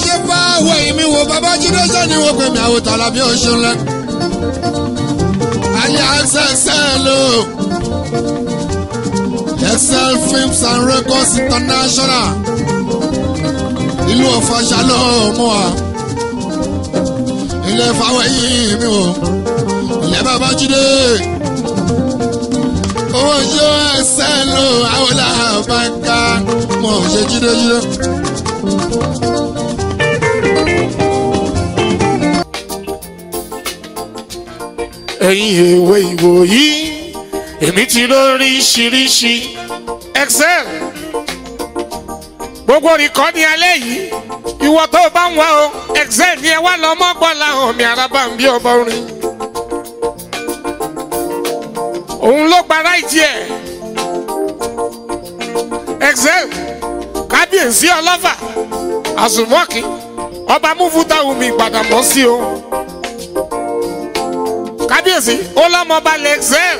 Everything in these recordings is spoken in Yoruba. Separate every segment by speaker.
Speaker 1: ṣe pa àwọ̀ èmi wo babájídé sani wo pèmí àwòtà làbí oṣù lẹ. ayé àṣẹṣẹ lò Excel Films and Records International ìlú ọ̀fàṣà ló mú wa ilé fáwọn yìí mi wò ilé babájídé owó ṣe ẹsẹ lò àwọn làbáńkà mọ̀ ṣe jídéjídé
Speaker 2: ẹ̀yin èwe ìwòyí èmi ti lóríṣiríṣi excel gbogbo rìkọ́ ní alẹ́ yìí ìwọ tó bá ń wá o excel ni ẹ wá lọ mọ́ gbọ́lá omi araba ń bí ọmọ orin òun ló gba ráìtì ẹ̀ excel kábíyèsí ọlọ́fà àsùnmọ́kì ọba múfúta omi ìgbàdàmọ́ sí o kábíyèsí ó lọ́mọba lexel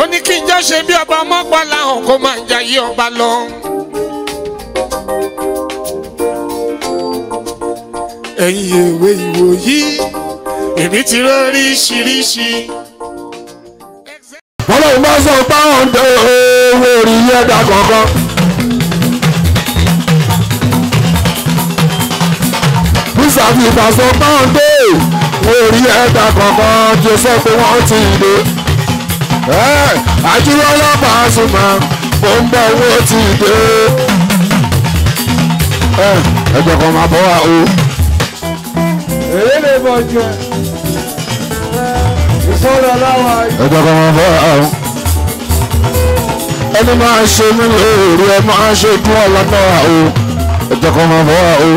Speaker 2: ó ní kí n jọ ṣe bí ọba ọmọpá làwọn kó máa ń jayé ọba lọ.
Speaker 3: ẹ̀yin èwe ìwòyí èmi ti róríṣiríṣi. wọ́n lóun bá sọ pé ọ̀dọ́ owó orí yẹn dá kankan. ṣàfihàn sọ pọ́ńdé orí ẹ̀ta kankan tó sọ pé wọ́n ti dé. àjúwọ́ ọlọ́pàá súnmọ́ mo ń bọ̀ wọ́n ti dé. ẹjọ́ kan máa bọ́ wa o. èyí lè bọ̀ jẹ ìsọ̀rọ̀ láwa. ẹjọ́ kan máa bọ́ wa o. ẹni máa ṣe mí lóore ẹ máa ṣe dún ọ̀la náà o. ẹjọ́ kan máa bọ́ wa o.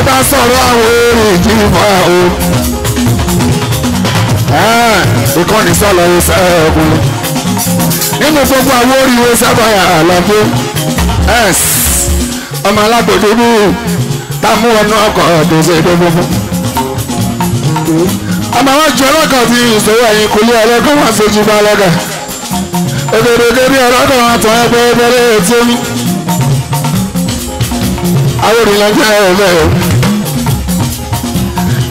Speaker 3: ọba sọ̀rọ̀ àwọn èrè ìjìnbá o. ìkọ́ni sọ̀lọ̀ ìṣẹ́ ẹ̀kún. nínú gbogbo àwọn oríire sábàyà àlàfo s ọmọ alágbòdo ní tamú ọ̀nà ọkọ̀ ọ̀dọ̀sẹ̀ ìdọ́gbọ́n ọmọ wọn ju ọlọ́kọ̀ ti ìṣòro ẹ̀yìn kò lé ọlọ́kọ̀ wọn bá òdòdó wọn tọ́ ẹgbẹ́ àwọn òrìlà jẹ́ ẹ̀rẹ́ o.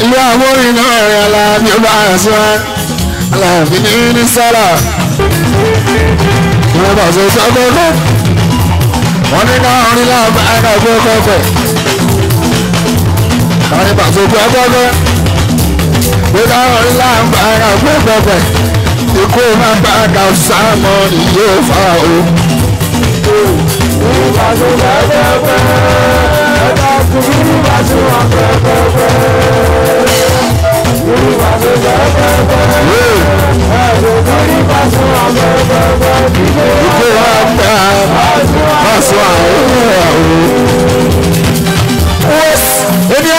Speaker 3: ilé àwọn òrìlà rẹ̀ aláàbí ó bá a sọ ẹ́ aláàbí ní ní sọ́là. ìwé bàtà sọ kọ́kọ́ wọ́n ní ká òrìlà bá a kà gbé kọ́kọ́. kárí bàtà gbé kọ́kọ́ gbé ká òrìlà bá a kà gbé kọ́kọ́ ikú máa bá a kà sáà mọ́ ìyó fa ìbáṣu pẹ́pẹ́pẹ́
Speaker 4: ẹ̀dákun ìbáṣu wọn pẹ́pẹ́pẹ́ ìbáṣu pẹ́pẹ́pẹ́ ẹ̀dùnkún ìbáṣu wọn pẹ́pẹ́pẹ́
Speaker 3: ìdílé wọn pẹ́ báṣu àwọn ìyàwó. èmi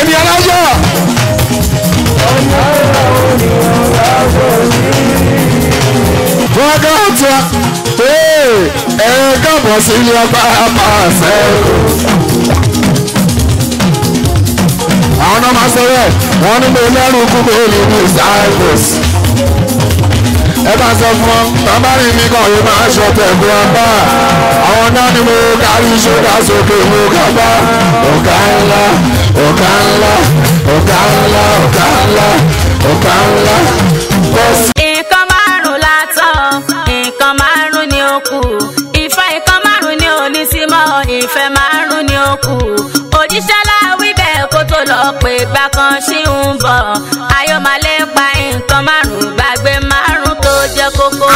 Speaker 3: èmi alájà. Bọ́gá ọ̀tá ẹ káàbọ̀ sí ilé ọba máa fẹ́. Àwọn náà máa sọ bẹ́ẹ̀, wọ́n ní mo lẹ́rù kúkú olùdí Cyprus ẹ bá sọ fún ọ bàbá rẹ mi kàn yín máa ṣọ tẹ̀lé ọba àwọn náà ni mo kárí ṣódà sókè mo kà bá ọ̀gá ńlá ọ̀gá ńlá ọ̀gá ńlá ọ̀gá ńlá
Speaker 5: ọ̀gá ńlá kò sí. nǹkan márùn-ún látọ̀ nǹkan márùn-ún ni ó kù ìfẹ́ nǹkan márùn-ún ni ò ní sí mọ́ ìfẹ́ márùn-ún ni ó kù òjíṣẹ́ láwí bẹ́ẹ̀ kó tó lọ pé bákan ṣì ń bọ̀ ayọ̀mọ̀lẹ́pa nǹkan márùn-ún gbàgbé mọ́ jẹ́ kókó.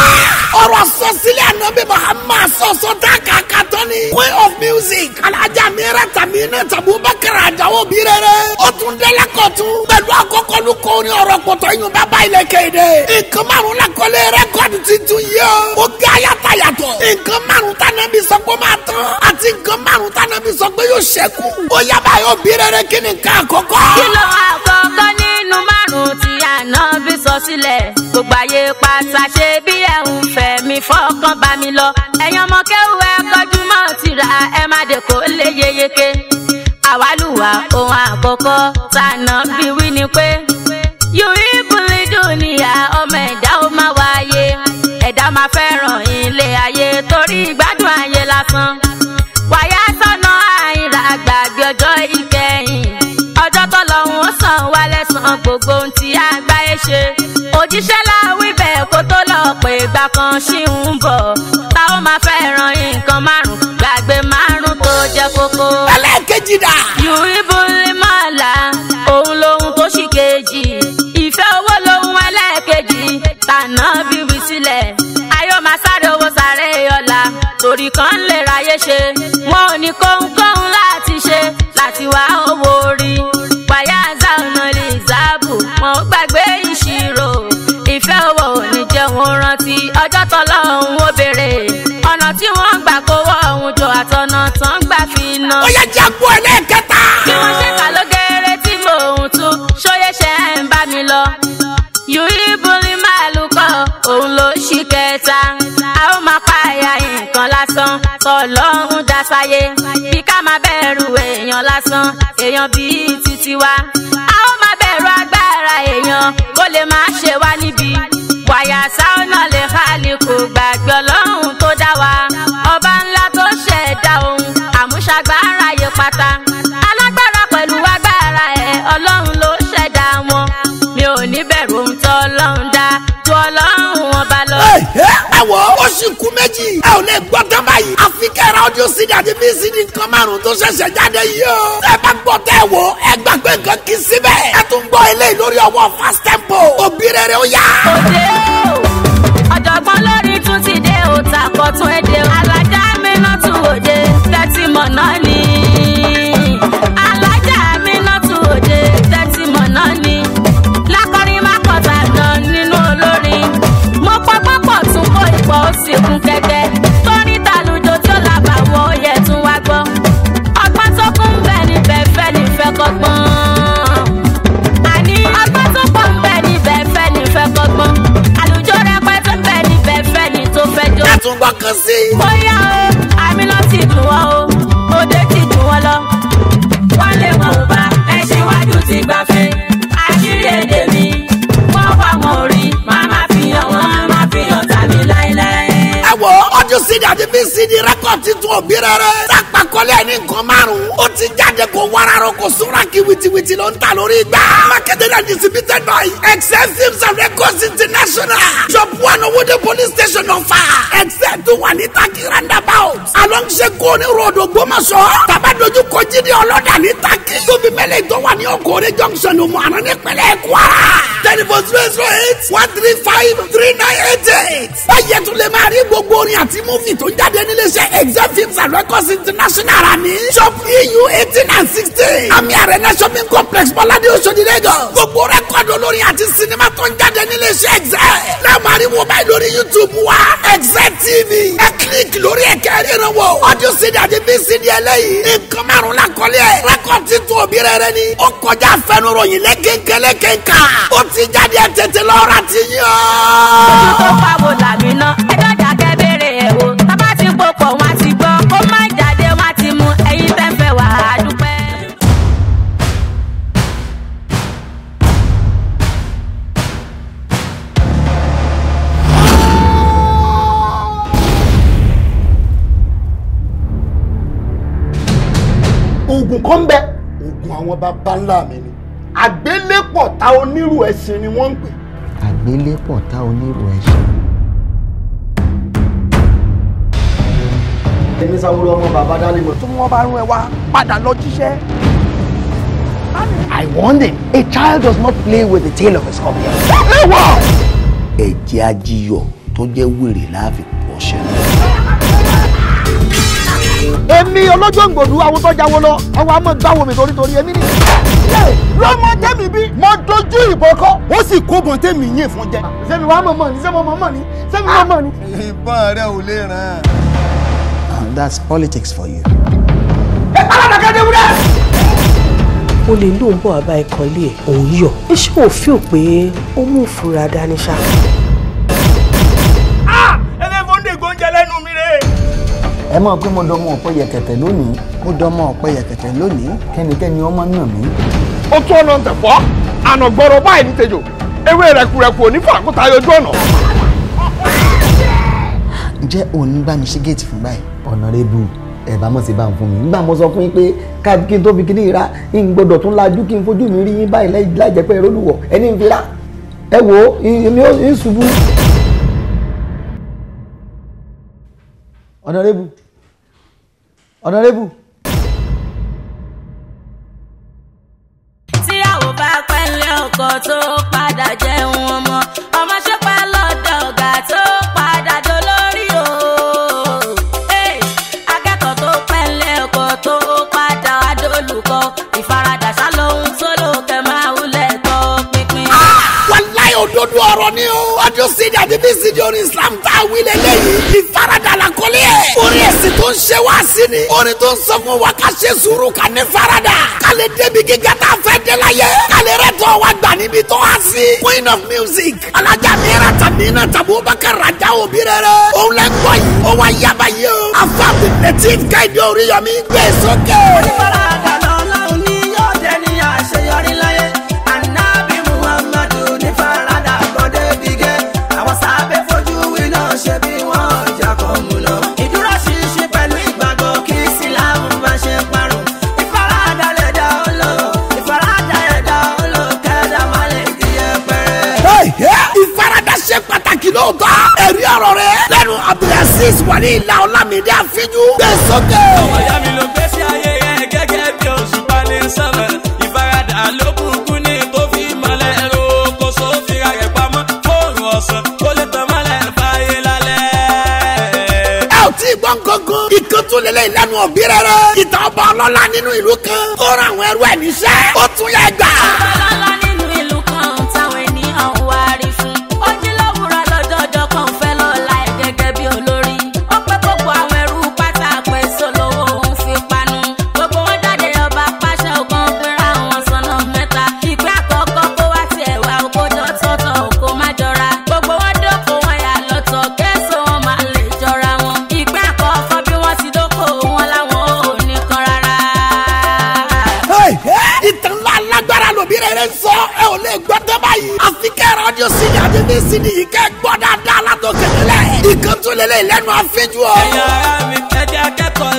Speaker 5: ọ̀rọ̀ sọ sílẹ̀ ànábì muhammad sọ̀sọ̀ tá a kà ká tọ́
Speaker 6: ni. queen of music alájà mìíràn tàbí iná tàbí bákàrà àjàwọ̀ bí rere. ó tún délé kọ̀tún. pẹ̀lú àkọ́kọ́ ló kọ́ ní ọ̀rọ̀ pọ̀tọ́ yìí bàbá ilẹ̀ kéde. nǹkan márùn la kọ́lé rẹ́kọ̀dì tuntun yìí o. ó gé ayàtọ̀ yàtọ̀. nǹkan márùn tánà bí sọ pé máa tán. àti nǹkan márùn tánà bí sọ pé yóò ṣẹ́kù. ó yàbá yóò bí rere kí ni nǹkan àkọ́kọ́. kí ló
Speaker 5: àkọ́kọ́ nínú márùn-ún tí àná bí sọ sílẹ̀ gbogbo ayé pátá ṣe bí ẹ ń fẹ́ mi fọkàn bá mi lọ ẹ̀yin ọmọ kéwù ẹ kọjú mọ́ tìra ẹ má dé kó lè yeyeke àwálùwà ohun àkọ́kọ́ tànà bí wí ni pé yorì kùnlé dùnìyà ọmọ ẹ̀dá ó máa wáyé ẹ̀dá máa fẹ́ràn ilé ayé torí ìgbádùn ayé lásán wàyà sọnà àìrà àgbàgbé ọjọ́ ìkẹyìn ọjọ́ tó lọ́hùn ó sàn wálẹ̀ sàn gbogbo ohun tí àgbáyé ṣe ìgbà kan ṣì ń bọ̀ tá ó máa fẹ́ ran nǹkan márùn gbàgbé márùn tó jẹ́ kókó. ẹlẹ́ẹ̀kejì dà. yùrìbù lè má la òun lohun tó ṣì kejì ìfẹ́ owó lohun ẹlẹ́ẹ̀kejì tànà bíbí sílẹ̀ ayọ̀ máa owó sáré ọ̀la torí kan lè ráyé ṣe wọn ò ní kó ń tọlọ́run dá sáyé bí ká máa bẹ̀rù èèyàn lásán èèyàn bíi títí wa a ó máa bẹ̀rù agbára èèyàn kó lè máa ṣe wá níbi wàyà sáúnà lè hàlì kò gbàgbé ọlọ́run tó dá wa ọba ńlá tó ṣẹ̀dá ohun àmúṣagbára yẹ pátá. ẹ̀wọ̀ ó sì kú méjì ẹ ò lè gbọ́ tán báyìí àfi kẹ́ra ọdún
Speaker 6: sí dàdí bí sídi nǹkan márùn tó ṣẹ̀ṣẹ̀ jáde yìí o ẹ bá gbọ́ tẹ́ wọ ẹ gbàgbé nǹkan kì síbẹ̀ ẹ tún gbọ́ eléyìí lórí ọwọ́ fast tempo òbí rẹ̀ rẹ̀ ó yá.
Speaker 5: òde o ọ̀jọ̀gbọ́n lórí tún ti dé òtàkọ̀ tún ẹ̀ dé o. fi CD rẹ́kọ̀d titun òbí
Speaker 6: rere. sàpàkọ́lé ẹni nǹkan márùn-ún. ó ti jáde kó wararọ kó súnra kí wìtìwìtì ló ń ta lórí gbá. marketed and distributed by Excel films and records international. shop one owode police station ọ̀fà. Excel tó wà ní taki roundabout. along Segun road Ògbómọ̀ṣọ́. tàbá dojú kọ jíde ọlọ́dà ní taki. tóbi mẹ́lẹ̀ ìtọ́wà ní ọkọ̀ orí junction òmùhànà nípínlẹ̀ Kwara telephone zero zero eight one three five three nine eight eight. báyẹn tún lè máa rí gbogbo orin àti múfì tó ń jáde níléeṣẹ́ exam films and records international rà ní. shop eu eighteen and sixteen. àmì arena shopping complex bọ́ládé oṣòdì lagos. gbogbo rẹ́kọ̀dì olórin àti sinimá tó ń jáde níléeṣẹ́ exam. náà máa rí wọ́n báyìí lórí youtube wa exam tv. ẹ kílíkì lórí ẹ̀kẹ́ ríran wọ. ọdún sídìí àti bí sídìí ẹlẹ́yìí. nǹkan márùn-ún la kọ́lé ẹ̀. rẹ́kọ̀dì tó obìnrin rẹ ni. ó kọjá fẹnuròyìn lẹ́kẹ̀kẹ́ lẹ́kẹ̀ká. ó t ti jáde tètè lọ ti yín o.
Speaker 5: ojú tó pa làmì náà ẹjọ́ dàkẹ́ béèrè ẹ̀ wò tábà ti pòpọ̀ wọn ti gbọ́ ó má jáde wọn ti mú ẹyin fẹ́ fẹ́ wà á dúpẹ́.
Speaker 7: oògùn kan bẹ oògùn àwọn baba ńlá mi ni àgbélépọ̀tà onírú ẹ̀sìn ni wọ́n ń pè.
Speaker 1: àgbélépọ̀tà onírú ẹ̀sìn.
Speaker 7: ẹni sáwúrò ọmọ bàbá dálé mọ. tí wọ́n bá rún ẹ wá padà lọ jíṣẹ́. I warned him, a child does not play with the tail of a scorpion. Léwọ̀! Ẹ̀jẹ̀ ajíyọ̀ tó jẹ́ wèrè láàfin pọ̀ ṣẹlẹ̀. Èmi ọlọ́jọ́ ń gbòdú àwọn tó jáwọ́ lọ, àwọn àmọ́ gbáwo mi torítorí èmi nìyẹn
Speaker 1: lọ́mọ tẹ́mi bí. mo dojú ìbọn kọ́. ó sì kó bọn tẹ́mi yín fún jẹ. sẹ́mi wàá mọ̀mọ́ ni sẹ́mi mọ̀mọ́ ni sẹ́mi mọ̀mọ́ ni. ìbọn rẹ ò lè ràn.
Speaker 7: and that's politics for you. ẹ alábàákẹ́ dé
Speaker 2: wúlẹ̀. o lè lóun bọ̀ àbá ẹ̀kọ́ ilé ẹ̀ òun yọ̀. iṣẹ́ òfin ò pé ó mú ìfura dání ṣáà.
Speaker 7: ẹ mọ̀ pé mo dọmọ ọ̀pọ̀ yẹ̀kẹ̀tẹ̀ lónìí. mo dọmọ ọ̀pọ̀ yẹ̀kẹ̀tẹ̀ lónìí. kẹ́nikẹ́ni ọmọ náà mi.
Speaker 2: ó tún
Speaker 1: ọ̀nà tẹ̀fọ́ ànàgbọ́rọ̀ báyìí ní tejò ewé rẹ̀kùrẹ̀kù ò ní fàkútà yọjú ọ̀nà.
Speaker 7: ǹjẹ́ òun ń bá mi ṣe géètì fún báyìí. ọ̀nà rẹ bù ẹ̀bá mọ̀ sí bá ń fún mi nígbà mo sọ fún yín pé káàdì kí n tó fi kíní ra ń gbọdọ̀ tún lajú kí n fojú mi rí yín báyìí láì jẹ́ pé ẹ̀rọ lùwọ̀ ẹni ń fi ra
Speaker 2: ọ̀nàrẹ́bù ọ̀nàrẹ́bù.
Speaker 5: tí a ò bá pẹ́ lé ọkọ̀ tó padà jẹun ọmọ ọmọ ṣe pa lọ́dọ̀ ọ̀gá tó padà dolórí o. akẹ́kọ̀ọ́ tó pẹ́ lé ọkọ̀ tó padà adolùkọ́ ìfaradà sá lóhun tó lókè máa wúlẹ̀ tọ́ pínpín. Ah, wàláyé òdodo ọ̀rọ̀ ni o ọdún sídìí àti
Speaker 6: bíi sídìí orin Islam tá a wí lélẹ́yìn ìfà tó ń ṣe wá sí ni. orin tó ń sọ fún wa ká ṣe sùúrù ká ní farada. k'ale débi gíga tá a fẹ́ dé la yẹ. k'ale rẹ̀ tọ́ wa gbà níbi tó wá sí. queen of music. alajà mi ra tàbí tàbí ó bá ka rajà òbí rẹ̀ rẹ̀. òun lẹ gbọ́ yìí. ó wá yaba yìí o. afa bi native kaidi orí yọ mi. gbèsò e kẹ́. Evangelist Wali Ilá Ọlámídé Àfíjú gbé sókè.
Speaker 2: ọmọ ìyá mi ló gbèsè ayé yẹn gẹ́gẹ́ bí oṣù bá ní ìfaradà ló kù ní tó fi mọ́lẹ̀ ẹ̀rọ kó so fira pamọ́ fóònù ọ̀sán kó lè tán
Speaker 6: mọ́lẹ̀ fààyè lálẹ́. ẹ ò tí ì gbọ́ nkankan ikán tó lélẹ̀ ìlànà òbí rẹ̀ rẹ̀ ìtàn ọba ọlọ́lá nínú ìlú kan ó àwọn ẹrú ẹ̀ níṣẹ́ ó tún yẹ gbà. mi sídi yìí kẹ́ gbọ́ dáadáa látòkè nílẹ̀. ìkàntúlélẹ̀ lẹ́nu àfẹ́jú ọ. ẹ̀yà ara mi ẹ̀jẹ̀ akẹ́kọ̀ọ́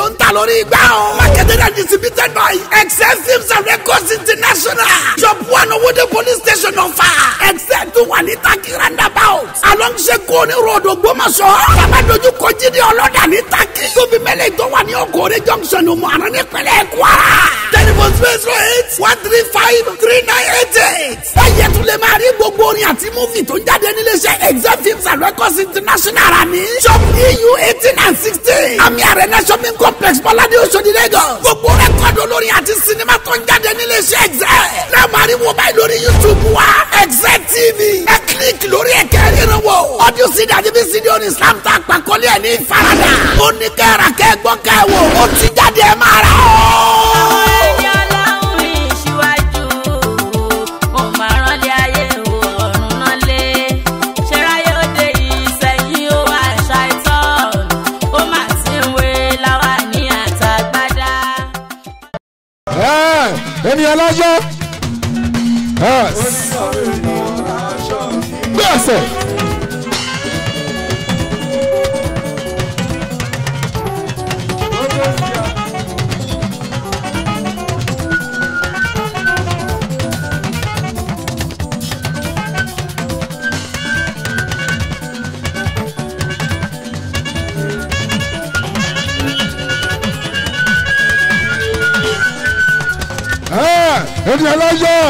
Speaker 6: ló ń ta lórí igbá o. marketed distributed by excessives and records international. shop one owode police station ọ̀fà. except wà ní taki roundabout. along seko ní road Ògbómọ̀ṣọ́. bàbá dojú kọ jíde ọlọ́dà ní taki. tóbi mẹ́lẹ̀ tó wà ní ọkọ̀ rẹ̀ junction ọmọ àná ní pẹ̀lẹ́ Kwara. telephone space zero eight one three five three nine eight eight kí ẹ tún lè máa rí gbogbo orin àti múfì tó ń jáde níléeṣẹ́ exam films and records international rà ní. shop eu eighteen and sixteen àmì arena shopping complex bọ́ládé oṣòdì lagos. gbogbo rẹ́kọ̀dù olórin àti sinimá tó ń jáde níléeṣẹ́ exam. náà máa rí wo lórí youtube wa exam tv ẹ kílíkì lórí ẹ̀kẹ́ ìrànwọ́. ọdún sídìí àti bí sídìí orin islam tá a ẹ̀ ní ìfaradà. ó ní kẹ́ra kẹ́ gbọ́ kẹ́
Speaker 5: wò ó ti jáde máa rà ọ́.
Speaker 3: ni ọlọ́jọ́. Ah. gbé ẹsẹ̀. èmi aláyọ̀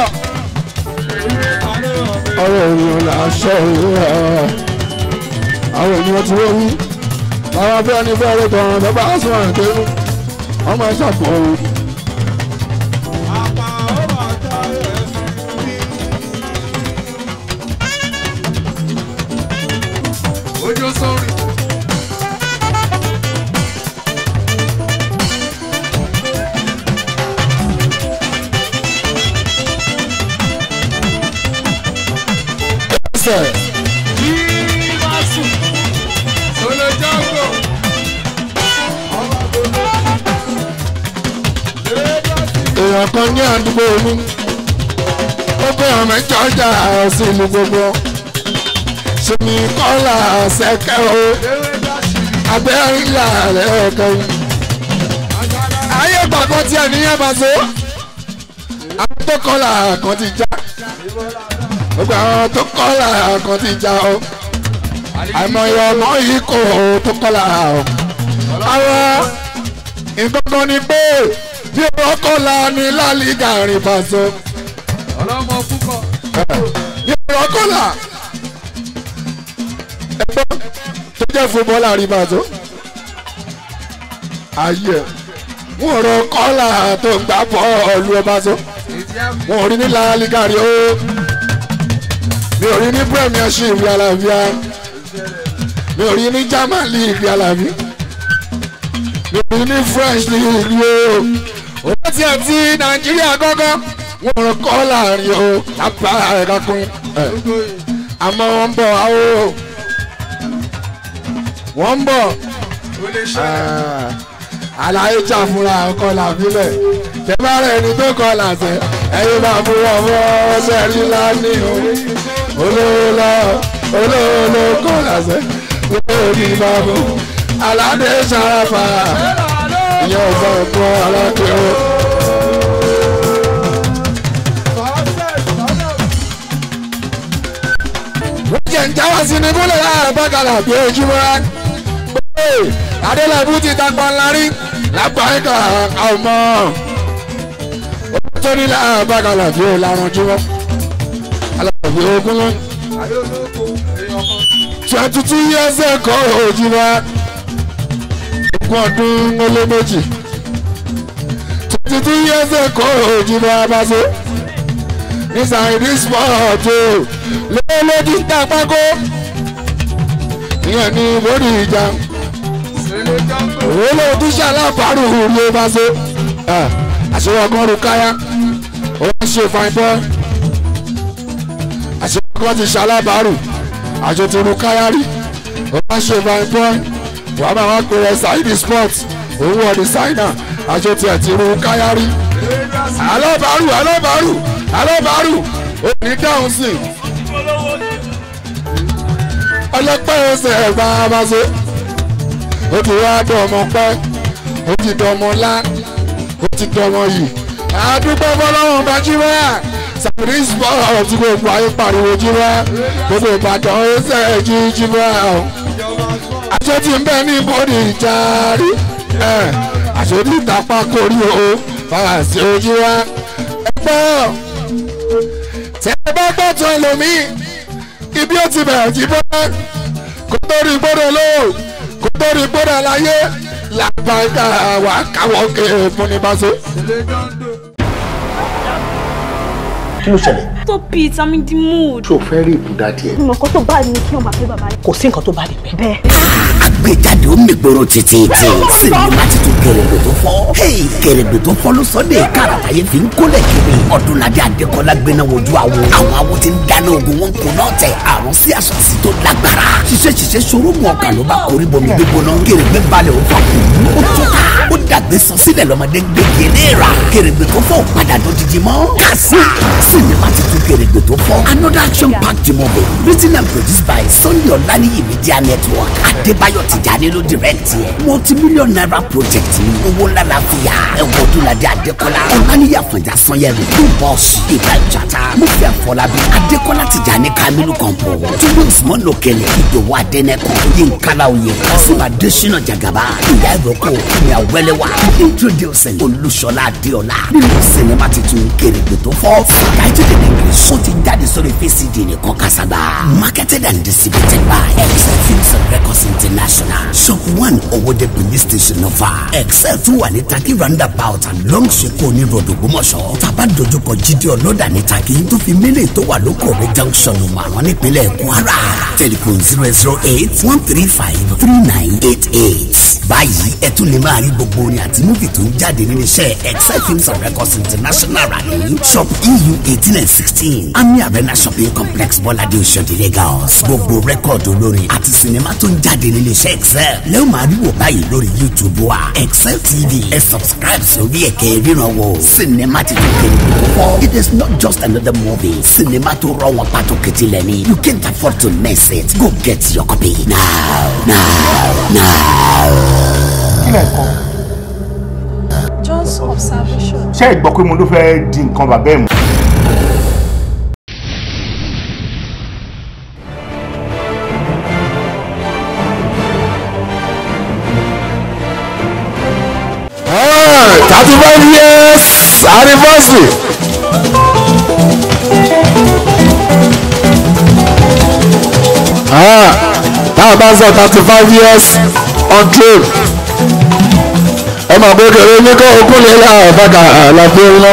Speaker 3: ọ̀rọ̀ ènìyàn là á sọ òwúrọ̀ àwọn ènìyàn tí wọ́n wí làwọn abẹ́rẹ́ ní bẹ́ẹ̀rẹ́ gan-an lọ́ba àṣọ àǹtẹ́nu ọmọ ẹ̀ṣà bọ̀ ọ́. àdúgbò mi ó pé ọmọ ìjọjà sí ìlú gbogbo sùnmí kọ́là ṣẹ́kẹ́ o
Speaker 2: abẹ́ ńlá rẹ̀ ọ̀kẹ́ ayé gbàgbọ́ tí ẹ̀ níyẹn bá so àwọn tó kọ́là
Speaker 3: kan ti já gbogbo àwọn tó kọ́là kan ti já o àìmọye ọmọ yìí kò tó kọ́là o
Speaker 1: àwọn nǹkan ni pé bí ọkọlá ni lálìgà rìn pàṣọ. ọlọ́mọ púpọ̀. bí ọkọlá ẹgbẹ́ tó jẹ́ fúnbọ́lá rìn pàṣọ. ayé wọn rọ kọ́lá tó ń gbà bọ́ọ̀lù ọba sọ.
Speaker 3: wọn ò rí ní lálìgà rìn o mi ò rí ní premiership lálàáfíà mi ò rí ní German league lálàáfíà mi ò rí ní French league o olóòtú àti nàìjíríà gángan wọn rọ kọ́ láàrin o lápá ẹ̀ka kún àmọ́ wọ́n ń bọ̀ áwò wọ́n ń bọ̀ àlàyé jà fúnra ọkọ làbílẹ̀ tẹ́bá rẹ̀ ní tó kọ́ làṣẹ ẹ̀yin bá mú ọmọ ọ̀sẹ̀ rí lánìí o olóòlò olóòlò kọ́ làṣẹ lórí bàbá aládé sàràfà ìyẹn ọgbà ọgbọ aládé o.
Speaker 2: wọ́n ń jáwá sí ni
Speaker 3: múlẹ̀ àbákalà bí ojúmọ́ rẹ̀. adélẹ́bù ti tapọ̀ ńlá rí lágbàáyíká ọmọ. ó tó nílẹ̀ àbákalà bí o lárun jùmọ́. alábàbí ogun lọ. twenty two years ago ojúmọ́ kú ọdún ó lé méjì twenty two years ago òjìnà abáṣe inside this world o oh. lọ́lọ́dí tá a pákó ìyẹn ní borí ìjà òwúlò tíṣà lábàárù ló bá ṣe àṣírí ọgọ́rùn káyá òun ṣe fine boy àṣírí ọgọ́rùn ti ṣàlábàárù àjò ti rú káyá rí òun ṣe fine boy wàá máa wá pèrè saheed sport òun wọ dísáínà aṣọ tiẹ̀ ti ru káyárí. alábàárù alábàárù alábàárù òní dáhùn sí i ọlọ́pẹ́ ẹsẹ̀ ẹ̀gbọ́n abáṣe ó ti wá dọ̀mọ pẹ́ ó ti dọ̀mọ lá ó ti dọ̀mọ yìí àdúgbò fọlọ́run bá jí wá sàbìrì ọ̀rọ̀ tí gbogbo ayé pariwo jí wá gbogbo ìbàdàn ẹsẹ̀ jí jí wá aṣọ tí ń bẹ ní bòdì jàrí aṣọ tí tàpá korí o fàṣẹ ojú wa ẹ gbọ́ tẹ bá gbọ́ tó ẹlòmíì ibi ó ti bẹ̀rẹ̀ jí bọ́
Speaker 2: kó tó rí gbọ́dọ̀ lóò kó tó rí gbọ́dọ̀ láyé làbàkà wà káwọ́ kẹ́ kí ló ṣẹlẹ̀
Speaker 5: stop it i'm in the mood. So,
Speaker 2: fẹ́ rí ìbúdá tiẹ̀.
Speaker 5: No, kọ́ tó bá mi kí wọ́n máa pé bàbá rẹ̀.
Speaker 7: kò sí nǹkan tó bá lè pẹ́. bẹ́ẹ̀. àgbéjáde ó mi gbòòrò títí tí sinimá tuntun kẹrẹgbẹ tó fọ́ kẹrẹgbẹ tó fọ́ ló sọ de káràtàyé fi ń kólẹ̀ kiri ọdúnladé adékọlá gbéná wojú awo àwọn awo ti ń dáná ogun wọn kò náà tẹ àrùn sí àṣàṣì tó lágbára ṣiṣẹ́ ṣiṣẹ́ ṣòro mu ọkàn ló bá korí bomi gbégbóná kẹrẹgbẹ balẹ̀ ó fà kùn ó tó ká ó dàgbé sọ sílẹ̀ lọ́mọdé gbẹgẹ ní ìrà kẹrẹgbẹ tó fọ́ gèrègbè tó fọ́. another action packed mobile written and produced by Sunday Olaniyi media network Adébáyọ̀ Tìjàní ló direct yẹ. E. multi-million naira project ni owó ńlá la fi yà. ẹ̀wọ̀n Ọdúnladé Adékọ́lá Olaniyi Àfọ̀njá Sanyẹ̀rì tó bọ́ọ̀sì Ibrahim Chata Mufti Afọlábí Adékọ́lá Tìjàní Kamilu Kọ̀ǹpọ̀ Túbú Usman Okele Ìdòwò Adẹ́nẹ́kọ̀ Yínkálá Oyè Kásìmọ̀ Adésínà Jàgàbá Ìyá Ìrókò Ìyá Wẹ́lẹ́wà Introducing Olúṣọlá Adéọlá nínú sinimá titun Gèrègbè tó fọ́ Sàkáìtì Dèdèngè ó ti jáde sórí pcd nìkan kasaba marketed and distributed by excel films and records international shop one owode police station nova excel tún wà ní taki roundabout and long seko ní road Ògbómọ̀ṣọ́ taba dojúkọ jíde ọlọ́dà ní taki tó fi mílẹ̀ tó wà lókòrè junction márùn nípínlẹ̀ kwara telephone zero zero eight one three five three nine eight eight báyìí ẹ tún lè máa rí gbogbo orin àti múfì tó ń jáde nínú iṣẹ́ excel films and records international rà ní shop eu eighteen and sixteen eighteen ami arena shopping complex bọ́ládé oṣòdì lagos gbogbo rẹ́kọ̀dì olórin àti sinimá tó ń jáde nílé iṣẹ́ excel lẹ́yìn máa rí wò báyìí lórí youtube wa excel tv ẹ subscribe sórí ẹ̀kẹ́ ríran sinimá ti tún kéde púpọ̀ it is not just another movie sinimá tó rọ wọn pàtó kìtì lẹ́ni you can't afford to miss it go get your copy now now now. kílẹ̀ kan
Speaker 4: just observation.
Speaker 2: ṣé ìgbọ́ pé mo ló fẹ́ di nǹkan bàbá ẹ̀ mú.
Speaker 3: thirty five years anniversary. táwọn bá ń sọ thirty five years on trade ọmọ àgbékèrè ní kó ogún lè la ọ̀fadà àlàfo ńlọ.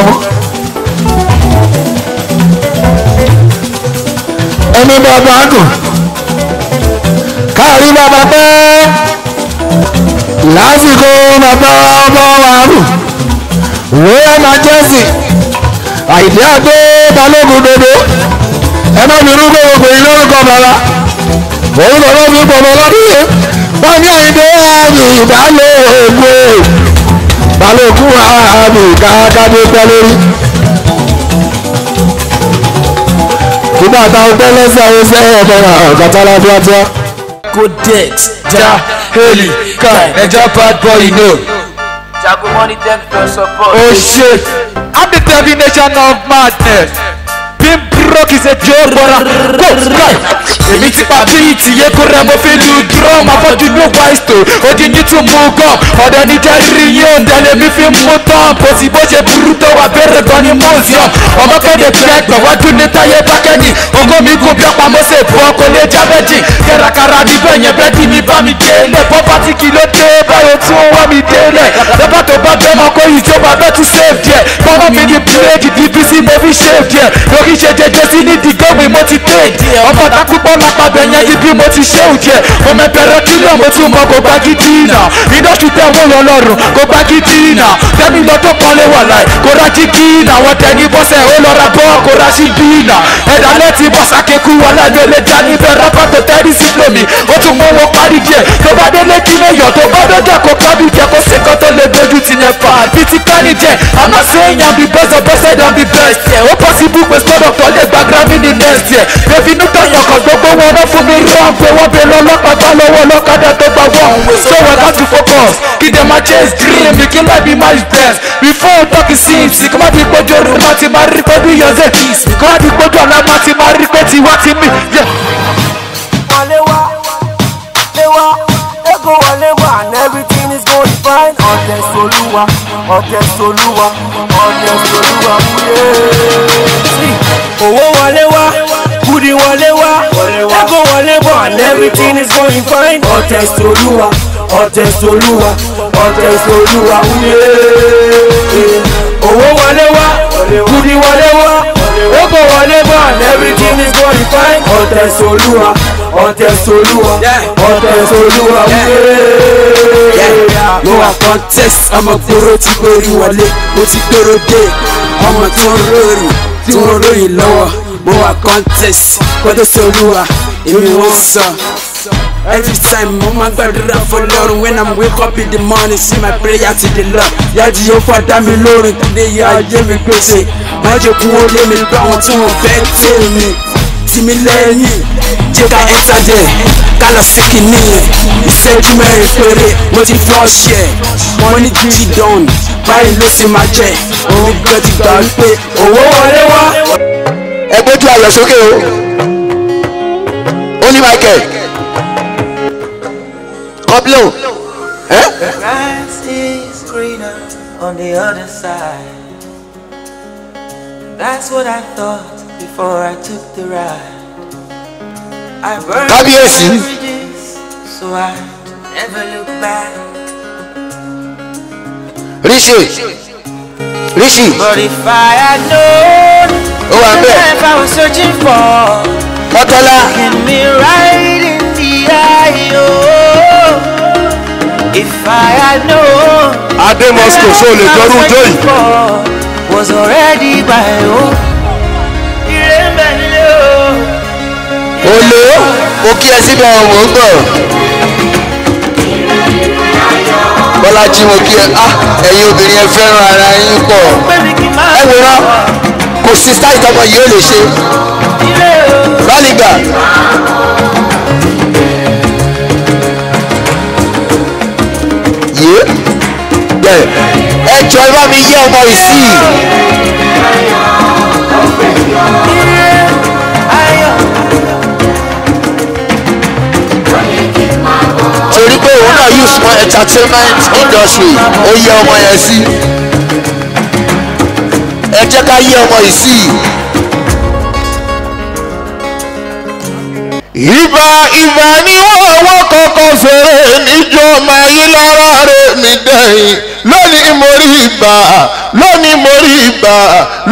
Speaker 3: ẹni bàbá dùn káàrí bàbá pẹ́ lásìkò bàbá ọmọ wa rùn royal majesty àìdí àdó balógun dodo ẹ má bínú pé mo pè lórúkọ bàbá òun lọ́wọ́ mi pọ̀ mọ́ lọ́dún yìí wọ́n àìdí àmì ìbálòògùn balógun àmì kákàdé pẹ́ nígbà
Speaker 2: táwọn pẹ́ lẹ́sẹ̀ àwọn sẹ́yìn ọ̀bẹ náà ọ̀gátá lábíàtúwá. codex ja heli kai ẹja bad boy know. Shago money, thank you for support. Oh shit! I'm the divination of madness kìsẹ̀ tí but I kó fly. èmi ti pa bíi tìyẹ kó rẹ mo fi lu drum afọ́jú ló wá ìsò odidi tún mú gan ọ̀dọ̀ ní jẹ́rìí yín ọ̀dọ̀ lèmi fi mú tán kò sí bó ṣe burú tó wà bẹ̀rẹ̀ gan ni museum ọmọ kéde fẹ́ gbọ̀n wájú ní táyé bákẹ́ni ògo mi kún bí ọ̀pá mo ṣe fún ọkọ̀ lé jábẹ́jì kẹ́rakara níbẹ̀ yẹn bẹ́ẹ̀ kí mi bá mi délé bọ́bá tí kì ló dé báyọ̀ tún wá mi délé bàbá tó bá bẹ́ẹ̀ mọ́ kó sí ní dìgọ́wé mo ti dé ọmọ takúpọ̀ lápapẹ̀ yẹn ibi mo ti ṣé òjẹ ọmọ ẹ̀bẹ̀rẹ̀ kílọ̀ mo tún mọ kó gbá gidi iná iná ti tẹ owó lọ lọ́rùn kó gbá gidi iná tẹ́mi lọ tó kọ́lé wà láì kó ra jígí iná wọ́n tẹ ní bọ́sẹ̀ ó lọ ra bọ́ kó ra sí bí iná ẹ̀dá lẹ́tì bọ́sà kéku wà láì lè já níbẹ̀ rábà tó tẹ́rí sí lómi ó tún mọ wọn parí díẹ̀ tó bá délé kí lè yọ̀ tó bá dọ́jà kó kábí jẹ kó sì tó lè dojú ti yẹn fà bí ti kárí jẹ àmọ́ sẹ́yìn àbí bọ́sẹ̀ bọ́sẹ̀ dàn bí bẹ́ẹ̀ sẹ́ ó pọ̀ sí bú pé sọ́dọ̀ kọ́ lè gb bá grammy ní next year èfinú kọ̀yọ̀kọ̀ gbogbo wọn náà fún mi rán pé wọ́n bẹ lọ lọ́pàá lọ́wọ́ ọlọ́kadà tó gbà wọ́n so we got to focus kí dem ma chase dream bí kí life be my best before talk sins kí má di gbójú òru má ti má rí pé bí yọ̀ọ́sẹ̀ kí má di gbójú ọ̀la má ti má rí pé tiwa ti mí. Alewa, Alewa, Ego Alewa and everything is going fine. Ọ̀tẹ̀ Solúwa, Ọ̀tẹ̀ Solúwa, Ọ̀tẹ̀ Solúwa, yeah owó wọlé wá kudi wọlé wá ẹ̀kọ́ wọlé bọ̀ and everything is going fine. ọ̀tẹ̀ solúwa ọ̀tẹ̀ solúwa ọ̀tẹ̀ solúwa wúyẹ́. owó wọlé wá kudi wọlé wá ẹ̀kọ́ wọlé bọ̀ and everything is going fine. ọ̀tẹ̀ solúwa ọ̀tẹ̀ solúwa ọ̀tẹ̀ solúwa wúyẹ́. mo wà contest ọmọ gbòòrò ti gbòòrò wọlé mo ti gbòòrò dé ọmọ tó ń rọrùn tí wọ́n ròyìn lọ́wọ́ mo wà contest kọ́dọ̀ sọ́rùwà èmi wọ́n sọ. Every time mo máa gbàdúrà fọlọ́run when I'm wake up in the morning see my prayer to the Lord. Yájú yóò fọ́ dá mi lórin kí lè yá ayé mi pèsè. Má jẹ́ kún ó lé mi bá tí wọ́n fẹ́ tèmi tì mí lẹ́yìn jẹ́ ká ẹ́ntàdẹ̀ ká lọ sí kìíní ìṣẹ́jú mẹ́rin péré mo ti flush yẹ wọ́n ní gírí dán báyìí ló sì máa jẹ òun gan ti gbà pé owó wọlé wá. ẹ gbójú ayọ̀ sókè o ó ní Michael
Speaker 3: Coblo
Speaker 5: grass is greener on the other side that's what I thought before I took the ride. I burned Kábíyèsí. so I
Speaker 6: never look back.
Speaker 2: Rishi. Rishi. But if I had known oh, the life I was searching for, Motola. looking me right in the
Speaker 3: eye, oh, if I had known, Adé Moscow, so le joru joy. Was already my own. olo mo kí ẹ síbẹ̀ mò
Speaker 2: ń bọ̀ bọ́lájí mo kí ẹ ah ẹ̀yin obìnrin ẹ fẹ́ràn ara yín pọ̀ ẹ wòran kò sí sáì tọmọ yìí ó lè ṣe bálígbà. ẹ jọ ẹ bá mi yẹ ọmọ yìí sí i. náà use for entertainment industry ó yẹ
Speaker 1: ọmọ yẹn sí ẹ jẹ́ ká yẹ ọmọ yìí sí. ìbà ìbà ni wọ́n wọ́n kọ́kọ́ fèrè níjọ́ máa yí lára rẹ̀ mí dẹ́yìn lónìí mo rí ìgbà lónìí mo rí ìgbà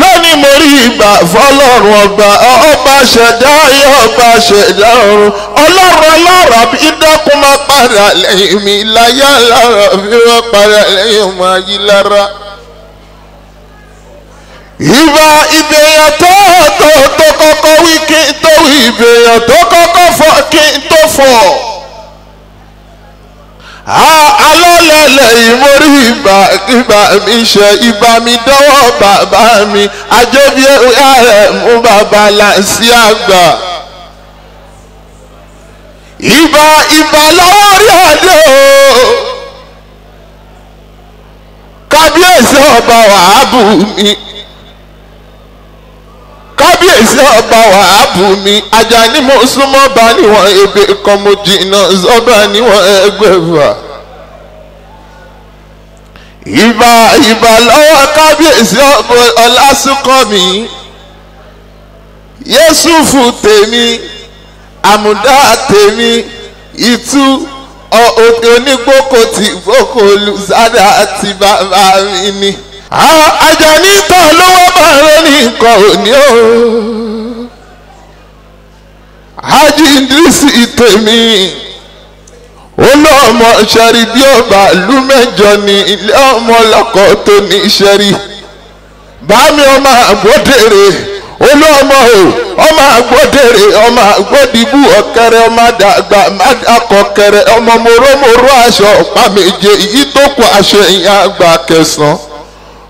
Speaker 1: lónìí mo rí ìgbà fọlọ́run ọgbà ọba ṣẹ̀dá ayé ọba ṣẹ̀dá ọ̀run ọlọ́run alára bí dákun máa padà lẹ́yìn mi láyà lára bí wọ́n padà lẹ́yìn ọmọ ayé lára. ìwà ìbẹ̀yẹ̀ tó tó tó kọ́kọ́ wí kí n tó wí ìbẹ̀yẹ̀ tó kọ́kọ́ fọ́ kí n tó fọ́ alọ́lẹ̀lẹ̀ ìmórí ìbà ìbà mi ṣe ìbà mi dọ́wọ́ bàbá mi àjọbí ẹ̀rọ rẹ̀ mú bàbá láìsí àgbà. ìbà ìbà lọ́wọ́ rí ọdẹ o kábíyèsí ọba wàá bù mí kábíyèsí ọba wàhábù mi ajá ni mo súnmọ́ bá níwọ̀n ebè kan mo jìnnà sọ́bà níwọ̀n ẹgbẹ̀fà. ìbà ìbà lọ́wọ́ kábíyèsí ọba ọlásùnkànmí yẹ́sùfù tèmi àmùdá tèmi ìtú òkè onígbòkò tí gbòkò lùsádà ti bàbá mi ni. aja Àjàní kan ló wá bàrẹ̀ nìkan òní o ajindisi tèmi olóòmọ sẹ́rí bi ọba lu mẹ́jọ ni ilé ọmọ ọlọ́kọ̀ tó ní sẹ́rí bámi ọmọ àgbọ̀dèrè olóòmọ o ọmọ àgbọ̀dèrè ọmọ àgbọ̀dìbù ọ̀kẹrẹ ọmọ àdàgbà akọ̀kẹrẹ ọmọ mòrómòró aṣọ ọ̀pá méje èyí tó kọ aṣọ ìyá àgbà kẹsàn-án.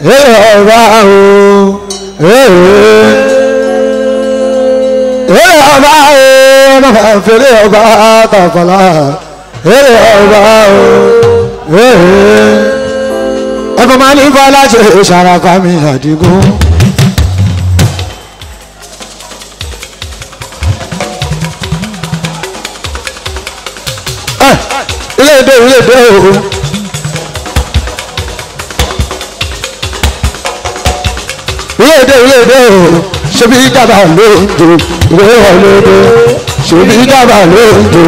Speaker 1: ọba
Speaker 3: o ọba o fèrè ọba tàfàlà ọba o ẹ̀fọ́ máa ní fọlá ṣe ìṣàràfà mi àdìgún. ilé ìdó ilé ìdó o. lédè lédè o ṣebí dábà lóde ìwé wọn lédè ṣebí dábà lóde.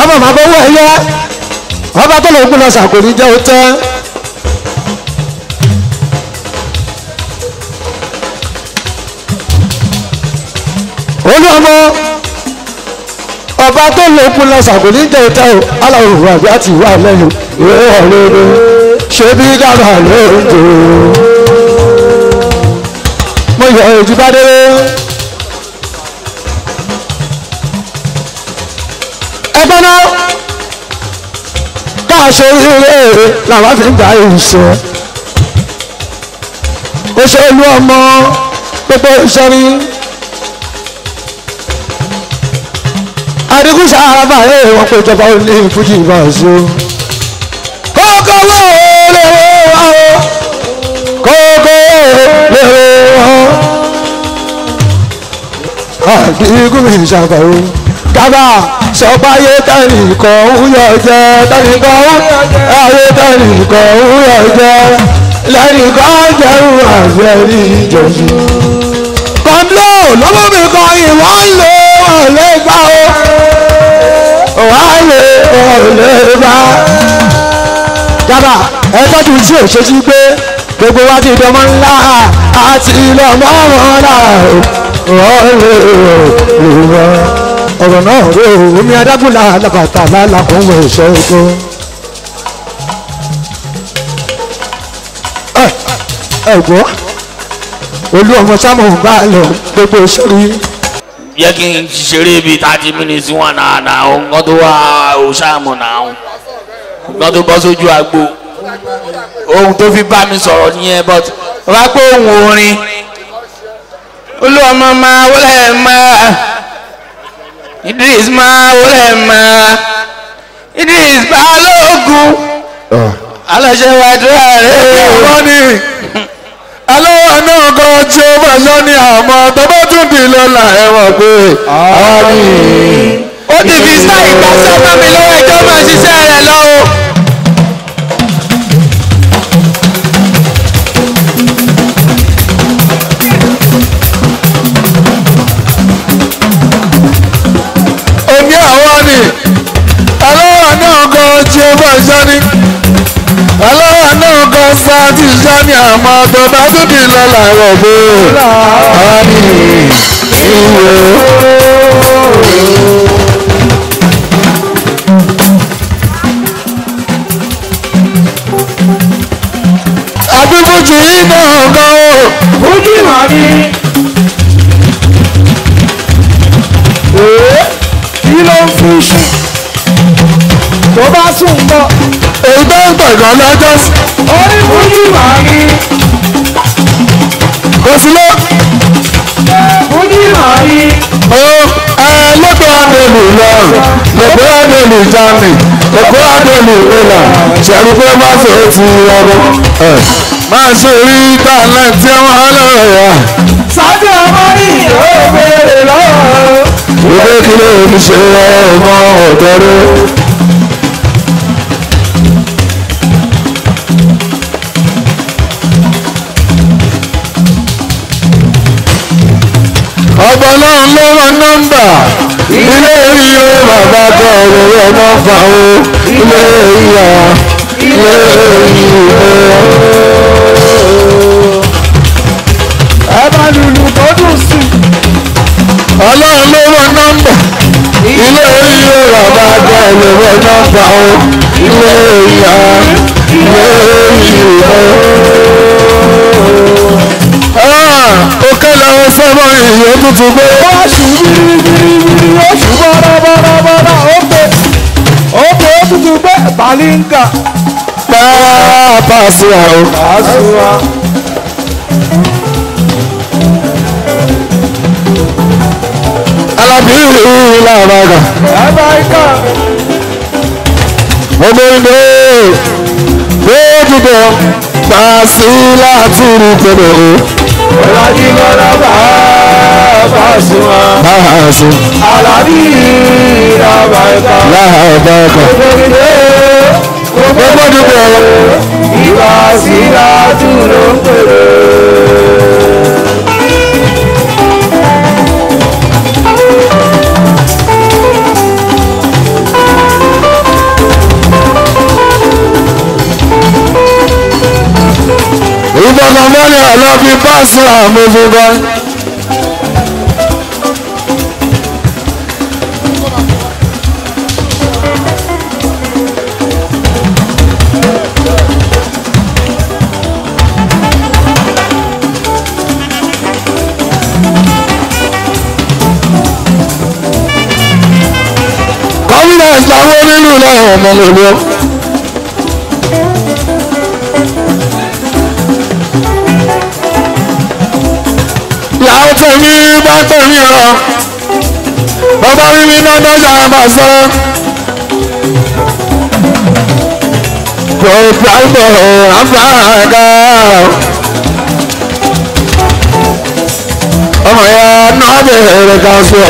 Speaker 3: ọmọ màá bọ́ wọ ẹyẹ ọba tó lọ gbọ́dọ̀ sàkóní jẹ́ ó tẹ́. olú ọmọ ọba tó lọ gbọ́dọ̀ sàkóní jẹ́ ó tẹ́ o aláwọ̀ òwúrọ̀ àbí àti ìwà lẹ́yìn ìwé wọn ṣe bí dàbà lóòjò mo yọ ojú bá dé. ẹgbẹ́ náà bá a ṣe oríire làwọn fi ń gba ìṣe òṣèlú ọmọ gbogbo ìṣẹ́rí. àdínkù sáà báyé wọn kò jọba ó ní ìfújì ìbáṣọ. kókó wọ́ọ̀ lè ro wa o kókó lè ro wa o. àdìgún mi ṣàkàrò kábà sọpáyé tẹnìkan ń yọ jẹ tẹnìkan ń ayé tẹnìkan ń yọ jẹ lẹnìkan jẹun àjẹ ní ìjọsí. kọ́ńdó lọ́wọ́ mi kan ìwọ ń lo ọ̀lẹ́gbà o wàá lè ọ̀lẹ́gbà dábà ẹ tọ́jú tí ò ṣe sí pé gbogbo wa ti dọmọ ńlá àti lọmọ ọ̀la ọ̀rọ̀ náà rò omi adágún làlàbàtà lálàkùn wọ̀ ìṣẹ́gun. ẹ̀gbọ́ olú ọmọ sámọ̀ ń bá lọ gbogbo ìṣòro yìí.
Speaker 2: yẹ kí n ṣeré bíi thirty
Speaker 7: minutes one na na nǹkan tó wà ó ṣáàmù náà lọ́n tó bọ́ sójú
Speaker 2: agbo ohun tó fi bá mi sọ̀rọ̀ nìyẹn but bàbá pé ohun orin olú ọmọ máa wọlé máa Idris máa wọlé máa Idris balógun
Speaker 3: ah. aláṣẹ wa dúrà rẹ. wọ́n ní aláwa náà kan tí ó bá lọ ní àmọ́ tó bá tún di lọ́la ẹ mọ̀ pé àmín.
Speaker 2: ó ti fi sáà ìgbà sábà mi lọ́wọ́ ẹjọ́ máa ṣiṣẹ́ rẹ̀ lọ́wọ́.
Speaker 3: sáńtì sani àmọ́ tọ́ba tó ti lọ làárọ̀ bó àmì ìwé. àbíkújù náà gan o. bójú màá kí ló ń fi ṣe tó bá sùn bọ̀ èyí tó ń gbọ̀ngàn lọ́jọ́ sí. orí fújì máa rí. kò sí lọ. fújì máa rí. ó ẹ lẹ́kọ̀ọ́ àdèlù lọ́rùn lẹ́kọ̀ọ́ àdèlù jami lẹ́kọ̀ọ́ àdèlù ìpínlẹ̀ ṣẹ̀rí pé má ṣe é ti ọdún. máa ṣe rí tàlẹ́ǹtì wọn lọ́rọ̀ yá. sábẹ́ ọmọ yìí ó béèrè lọ́wọ́. ìwé kí ló ń ṣe ọmọ ọ̀dọ́rẹ́. ilé yìí ó bàbá tọrọ ọmọ fà ó ilé ìyá ilé yìí ó. ẹ bá lùlù tó dùn sí. ọlọ́run ló mọ nọ́mbà ilé yìí bàbá tọrọ ọmọ fà ó ilé ìyá ilé yìí òkè làwọn sọmọ ìyẹn tuntun gbé. wọ́n ṣù wíríwíríwírí ó ṣù bọ́dọ̀bọ́dọ̀bọ́dọ̀ ó pè ó pè ó tuntun gbé bàlíǹkà. pàápàá pàṣíwà o. pàṣíwà. alábí ìrírí làwọn àgbà. ẹ bá yí ká. ọmọ ìlú ó dúdú pàṣíwà tìrì tẹ̀lé o. Ọlájí lọ́dọ̀ bá Pasuma. Pasu. Alábí ìdábà ẹ̀ka. Láhà ẹ̀ka ẹ̀ka. Ògbómìnira gbogbo dúpẹ́. Ìbá sí ìdájú ló ń pèrè. ọmọ mọ́lẹ̀ ọlọ́bí pàṣẹ àmọ́fẹ́gbọ́. Confidence làwọn onílù lẹ́yìn ọmọ mi lọ. tèmi bá tèmi lọ bàbá rí mi náà dọ́jà bá sọ. Gbogbo àgbọ̀ àfàgà. Ọmọ ya náà bẹ̀rẹ̀ ká sọ.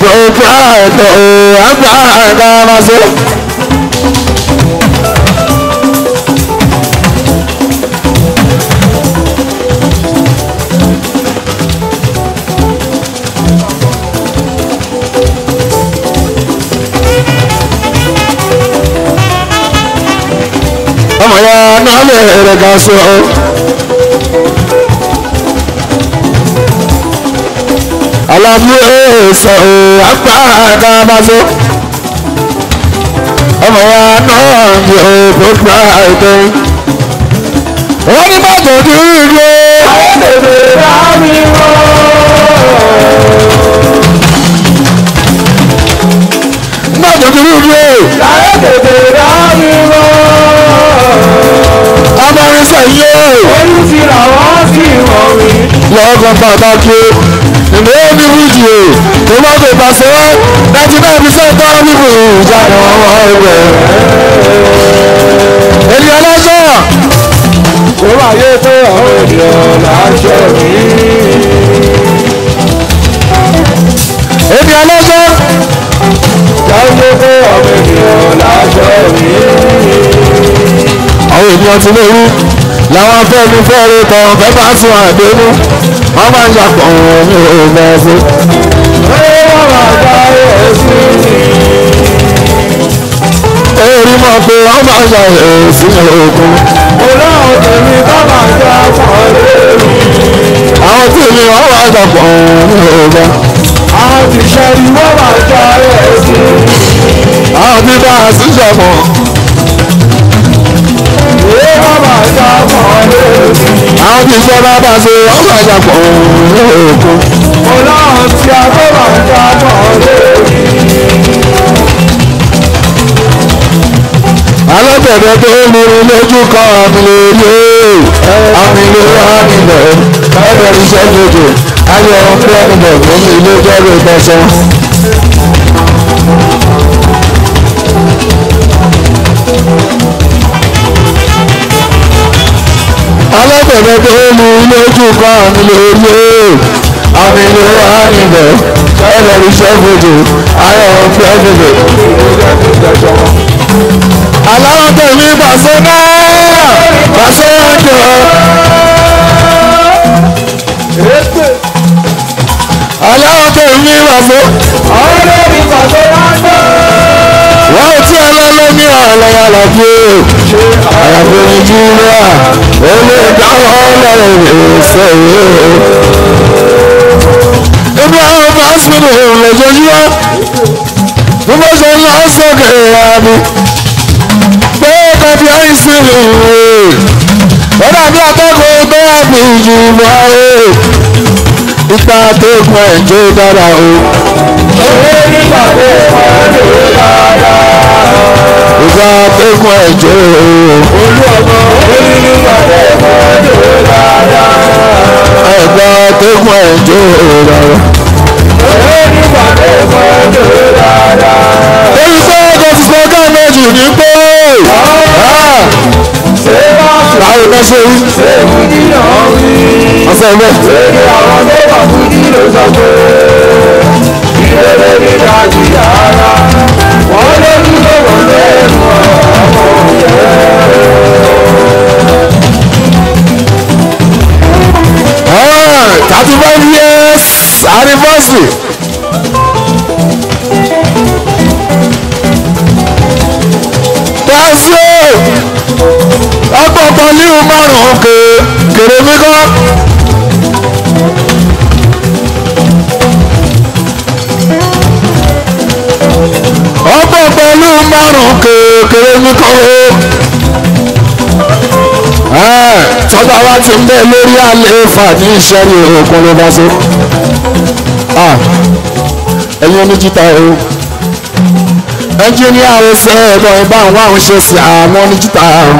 Speaker 3: Gbogbo àgbọ̀ àfàgà máa sọ. ẹ ká sọ ọ. aláàbò sọ ọ apá ká bá sọ. ọmọ wa náà ni ó bó gbà ètò. wọ́n ní bàbá òdì ìlú. ayédèrè bá mi wọ́. bàbá òdì ìlú. ayédèrè bá mi wọ́ bá ń sẹ́yìn o. orí ti rà wọ́n sì wọ̀ mí. lọ́ọ̀kan pàtàkì ìlú ní wíjì o tó bá kò bá ṣe é ninety nine percent tó ń bíbù ìjà ni wọ́n wá ẹgbẹ́. ènìyàn lọ́sọ̀. ó wà yé pé àwọn ènìyàn láṣẹ mi. ènìyàn lọ́sọ̀. ó wà yé pé àwọn ènìyàn láṣẹ mi àwọn ènìyàn ti lóru làwọn afẹ́mi fẹ́ẹ́rẹ́ kan fẹ́ bá sùn àdéhùn wọ́n máa ń yàpọ̀ ọ̀hún ní ọ̀gbẹ́ ẹ̀sìn. wọ́n máa gbá ẹ̀sìn mọ̀ pé wọ́n máa ń yà ẹ̀sìn ogun. ọlọ́run tèmi bá máa gbá pọ̀ lórí. àwọn tèmi wọ́n máa yàpọ̀ ọ̀hún ní ọ̀gbẹ́. àwọn ni wọ́n máa gbá ẹ̀sìn. àwọn bíbá àṣìṣe mọ̀ àwọn sọ bá bá ṣe ọgbà àjàpọ̀ lóògùn. ọlọ́run tí a bá ń jà pọ̀ alọ́tẹ̀dẹ̀ tó ń mú lójú kan àmìlélẹ́ àmìlélẹ́ àmìlẹ́ ẹgbẹ̀rún sẹ́jọ́jọ́ ayọ̀ ọ̀pẹ́ ẹ̀dẹ̀ gómìnà lójú ẹgbẹ̀rún sẹ́jọ́. bẹ́ẹ̀lì lójú kan mi lórí àmì ló wà níbẹ̀ ẹlẹ́rìí sẹ́fọ̀dù ayọ̀ pẹ́ẹ́dẹ̀dẹ̀. aláwọ̀ tẹ̀mí pàṣẹ náà pàṣẹ ọjọ́. aláwọ̀ tẹ̀mí pàṣẹ.
Speaker 2: ọ̀rẹ́ mi pàṣẹ náà
Speaker 3: sí ọlọ́lọ́ ní ọ̀lẹ́ àlàfo àlàfo nàìjíríà olè dáwọ́ ọlọ́rẹ̀ ìṣòro. ibi àwọn fásitì lójoojúmọ́ bí mo ṣe ń lọ sókè àmì pé kọfí àìsí mi rè ó dàbí akẹ́kọ̀ọ́ tó wà ní ààrẹ ìta tó pọ̀ ẹ̀jẹ̀ dára o. Ìgbà pẹ́kun ẹ̀jẹ̀ o. Olú ọmọ orí nígbà pẹ́kun ẹ̀jẹ̀ dáadáa. Ẹ̀gbà pẹ́kun ẹ̀jẹ̀ o rárá. Olú nígbà pẹ́kun ẹ̀jẹ̀ dáadáa. Èyí tó ọjọ́ ti sọ ká méjì ní pé. Ah. Báwo lọ ṣe wí? Ṣé ìwúdí náà wí? Ọ̀sẹ̀ mẹ́. Ṣé kí àwọn tó bá fún ìdí ló sọ pé? ìrere ní kájí ara wọ́n lójú tó wọ́n lẹ́nu ọ̀rọ̀
Speaker 2: òye. thirty five years
Speaker 3: anniversary. tẹ́sí ọ̀pọ̀ pọ̀lú márùn-ún kèrè mí kọ́. ọgbọ́n pẹ̀lú márùn kékeré ní kọ́rọ́ tọ́ba wa ti ń bẹ́ lórí àlééfà ní iṣẹ́ ní òkun ló bá ṣe ẹ̀yin oníjìta o ẹnjìníà ọ̀sẹ̀ ẹ̀gbọ́n ìbáwọn wà ń ṣe sí àwọn oníjìta o.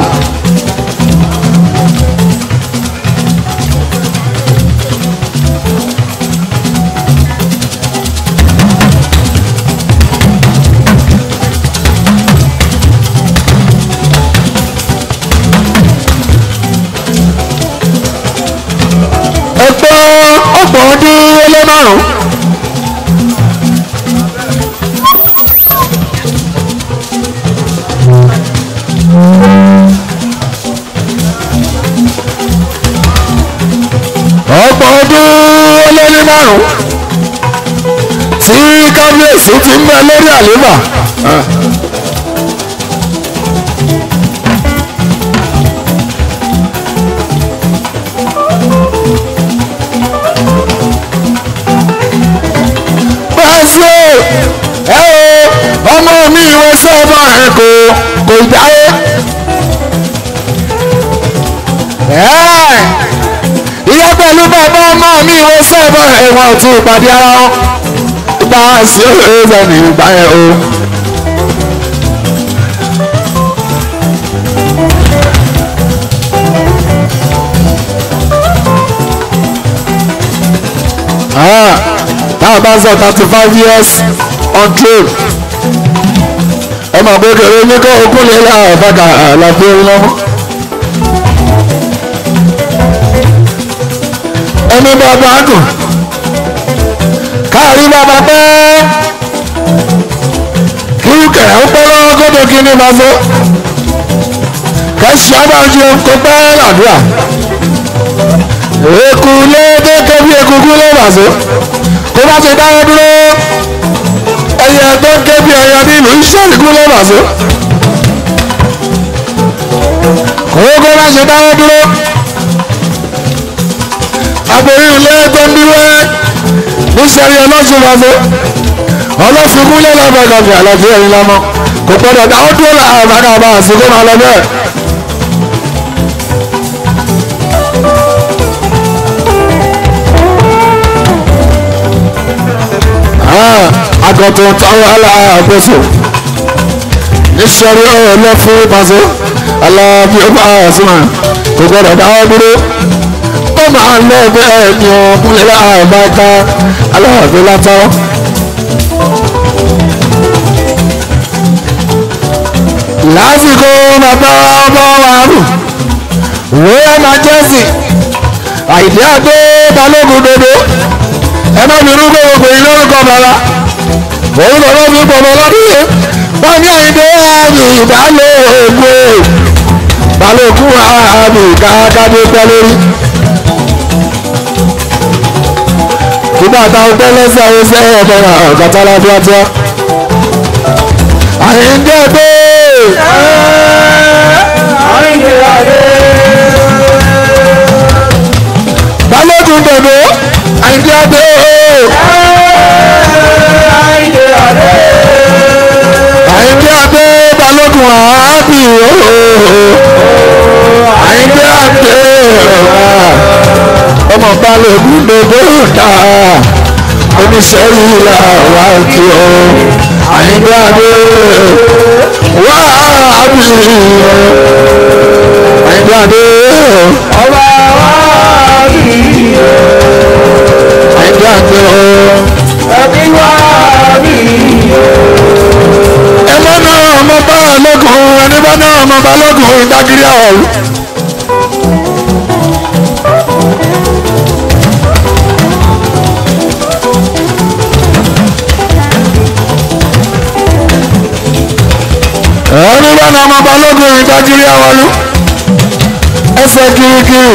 Speaker 3: àlébà. pàṣẹ ẹ o ọmọ mi ìwé sọ́ọ̀bù ẹ̀ kò kò dáyé. ìyá pẹ̀lú bàbá ọmọ mi ìwé sọ́ọ̀bù ẹ̀ wọ́n ti pàdé ara wọn sí ọ̀rẹ́ ẹ̀sán ìgbà yẹn o. táwọn bá ń sọ thirty five years on trip ọmọ kékeré ní kó okun lè la ọ̀bàkà àlàfo iná. ẹni bá bá dùn káàrí máa máa pẹ́ kíkẹ́ ó pẹ́ lọ́wọ́ kótó kí ni máa fọ́ kẹ́sì ọba ju kó pẹ́ làdúrà eku lé kéke bí ekuku lé bàzó kó bá ti dáwọ́ dúró ẹyẹ tó ké bí ẹyẹ nínú iṣẹ́ ìkú lé bàzó kó kó bá ti dáwọ́ dúró aboyún lé ń dúró ẹ níṣẹ́rí ọlọ́sùn máa fẹ́ ọlọ́sùn múlẹ̀ lábàgàgà àlàfé ẹ̀rín lámọ́ kò gbọ́dọ̀ dá ó dúró làbàgà bá àsìkò máa lọ bẹ́ẹ̀. Ah, àgọ̀tàn táwọn aláàgbọ̀sọ̀ níṣẹ́rí ọlọ́fún pàṣẹ aláàbí ọba àṣùmá kò gbọ́dọ̀ dá ó ó máa lọ bẹ́ẹ̀ ni ó kúnlẹ̀ láàbáta aláàbí látọ́. lásìkò bàbá ọmọ wa rù wíwá máa jẹ́sì àìdí àgbé balógun dodo ẹ má bínú pé gbogbo yìí lórúkọ bàbá òun lọ́wọ́ fi pọ̀ mọ́ lọ́dún yìí wọ́n ní àìdí àmì ìbálòògùn balógun àmì ìdáadáa pẹ́ lórí. bàtà ọpẹ́ lẹ́sẹ̀ ẹsẹ̀ ẹbọ bàtà láfíàtà àyíǹde dé. àyíǹde adé. balógun dòdò àyíǹde adé. àyíǹde adé. àyíǹde adé balógun àábì ooo àyíǹde adé ọmọ balógun dodo ká oníṣẹ́yìn là wá kí ọ àyíndàdé wá bí àyíndàdé ọba wá bí àyíndàdé ẹbí wá bí. ẹ bá náà ọmọ bá lọ́gùn ẹni bá náà ọmọ bá lọ́gùn ìdágírí àwọn. ẹ̀rí lọ́nà ọmọ balógun ìdájírí àwọlú ẹsẹ̀ kirikiri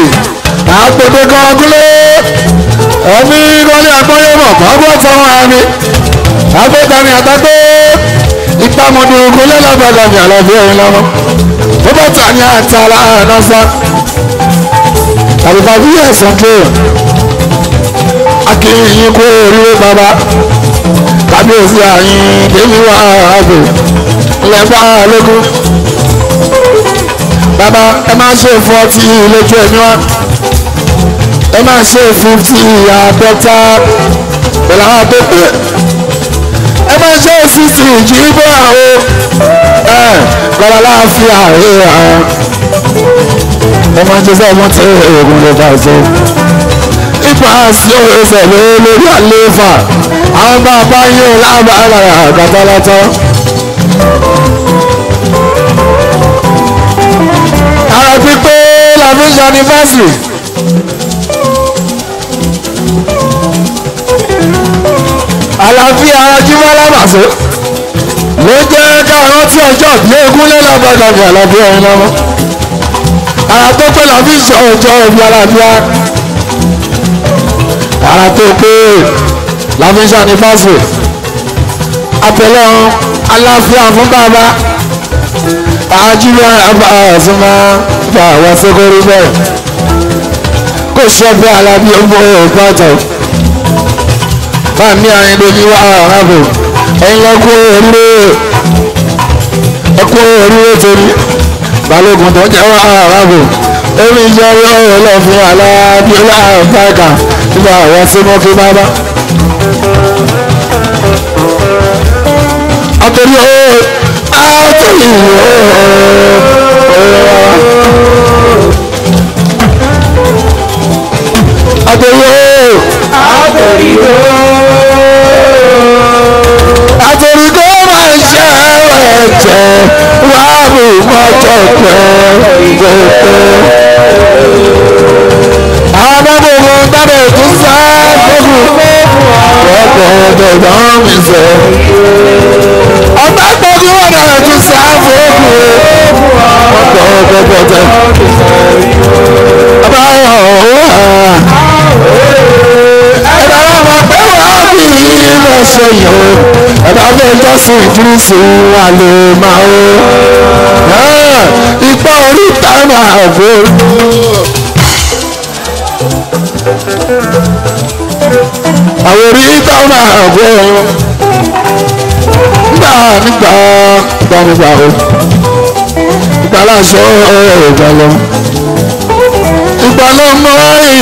Speaker 3: àpèpè kọ́ọ̀kúlé ẹ̀mí kọ́lé àgbọ́yọ̀mọ̀ kọ́ọ̀kọ́ sọ́wọ́n àmì àgbẹ̀tani àtàgbé ìpamọ̀dùnkún lẹ́lọ́gbàdà ní àlọ́bí ẹ̀yìn lọ́wọ́ ó bá tà ní àtàlà ànásá àbùkà bí ẹ̀sán kéèyàn akéèyàn yín kó oríire bàbá kábíyèsí àyìn déyìí wà á bò ilẹ̀ fáwọn ológun bàbá ẹ máa ṣe fọ́tì lójú ẹ̀mí wa ẹ máa ṣe fífì àádọ́ta pẹ̀lú àwọn tó pé ẹ máa ṣe fífì ìjìbọ àwọn ẹ lọ́la láàfin àárẹ̀ àwọn ẹ máa ṣe sẹ́ẹ̀ wọ́n ti oògùn lè bàjẹ́ ipa sí ọ̀rẹ́sẹ̀ lórí àlééfà àwọn bá a bá yín ọ̀la àbára látọ́ ara pípé la fi ń ṣe anniversary. àlàáfíà ara jímọ́ lábàṣọ ló jẹ́ ká rántí ọjọ́ ìbí egúnlé lábàdàgbà àlàáfíà ọ̀hún náà ara tó pé la fi ń ṣe ọjọ́ ìbí àlàáfíà ara tó pé la anniversary àtẹlẹ́ ọ̀hún aláfíà fún bàbá àjùlọ àbá àfúnmá bá àwọn sẹkọrí bẹ́ẹ̀ kò sọgbẹ alábí ọgbọ ọgbàtọ bàmí àyìnlómi wà àràbò ẹ̀yin ẹkú oríire ẹkú oríire torí balógun tó jẹ wà àràbò èmi jẹ ọlọ́rọ̀ lọ fún alábí ọlọ́rọ̀ àgbàkà nígbà àwọn sẹmọkí bàbá. torí ó àti ìwọ àtòyó àtòyó àtòyó máa ń ṣe ẹ̀jẹ̀ wá bù mọ́tò pẹ́ẹ́pẹ́ẹ́. àwọn ọmọ ogun tábẹ̀ tún sá gbogbo ọkọ̀ ọ̀dọ̀dọ̀ mi sọ. ọ̀tá gbogbo wọn náà tún sáfù òkú ọkọ̀ ọ̀dọ̀dọ̀ tẹ. abáyọ̀ ọ̀hún ẹ̀rọ ọmọ pé wàá bì í lọ́sẹ̀ yìí o ẹ̀rọ ọmọ ìjọsìn ìdúrósì wà lè máa àwọn orí táwọn àgọ́ nígbà nígbà nígbà nígbà o ìgbàlásọ ìgbà lọ ìgbàlọmọ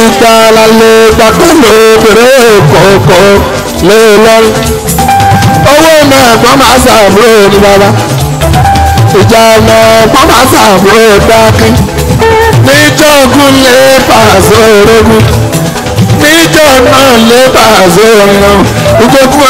Speaker 3: ìgbàlálẹ gbàgbọlọ obìnrin kọọkọ lé lọrí owó mẹ́ẹ̀kọ́ máa ṣàbúrò ní bàbá ìjà mẹ́ẹ̀kọ́ máa ṣàbúrò dákí níjọ́ ogun lè pàṣẹ orogún níjọ́ náà ló bá ṣe ràn ìjókòó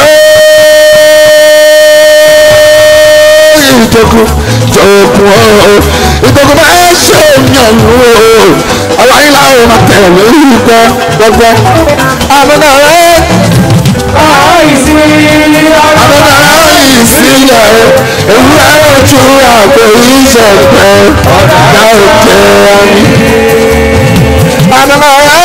Speaker 3: ìjókòó jókòó ìjókòó bá ṣe yàn ó aláyé láwọn máa tẹ̀lé ìgbà gbọ́gbọ́. àbẹ̀dà rẹ̀ àbẹ̀dà rẹ̀ ìsílẹ̀ ewúrẹ́ ojú àgbò ìṣẹ̀gbẹ́ ọ̀dà òkè àmì. àbẹ̀dà rẹ̀.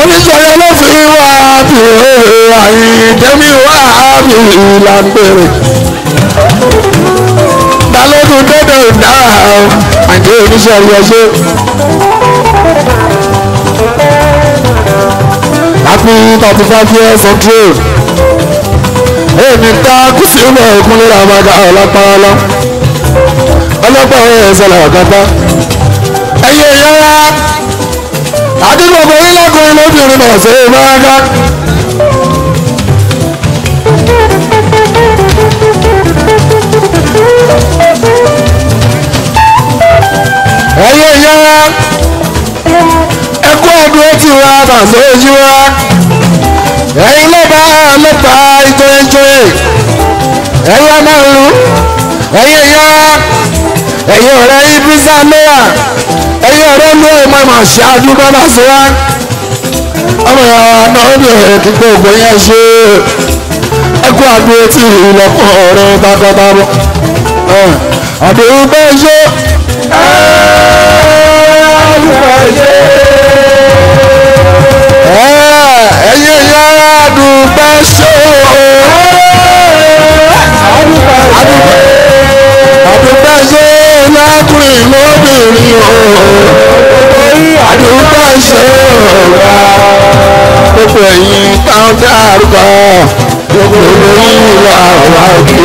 Speaker 3: oníṣòyẹ ló fi wá mi àyìndẹ́mi wá mi lágbèrè. balógun dédé náà àjẹ́ oníṣòyẹ ṣe. happy thirty five years of trade. èmi ká kùsì mọ̀ òkúnlẹ̀ ràmàgà ọ̀lápàlá ọlọ́pàá ẹ̀sẹ̀ làwọn kan bá. ẹ̀yin ìyára àdínú ọmọ yín lọ́kùnrin lóbìnrin náà ṣe é máa ká. ẹyẹ ìyá ẹkú ọdún etí wa tàṣẹ ojú wa ẹyin lọba lọba ìjọyẹjọyẹ ẹyin ọmọ ìlú ẹyẹ ìyá ẹyin ọ̀rẹ́ ibùsà náà ẹ̀yin ọ̀rẹ́ ló ẹ̀ máa máa ṣáájú bábà sí wa ọmọ ìyá wa náà ó bẹ̀rẹ̀ kíkọ́ ògbọ́n yẹn ṣe ẹkú àdó tí ìlọ́kọ̀ ọ̀rẹ́ bábábábọ̀ àdó bẹ́ ṣe. ẹ̀yin ìyá àdùbẹ́ ṣe àdùbẹ́ ṣe lọ́kùnrin lóbìnrin o àdúgbò ìṣòro wa gbogbo ẹ̀yin táwọn àrùkọ gbogbo olóyún wà òkè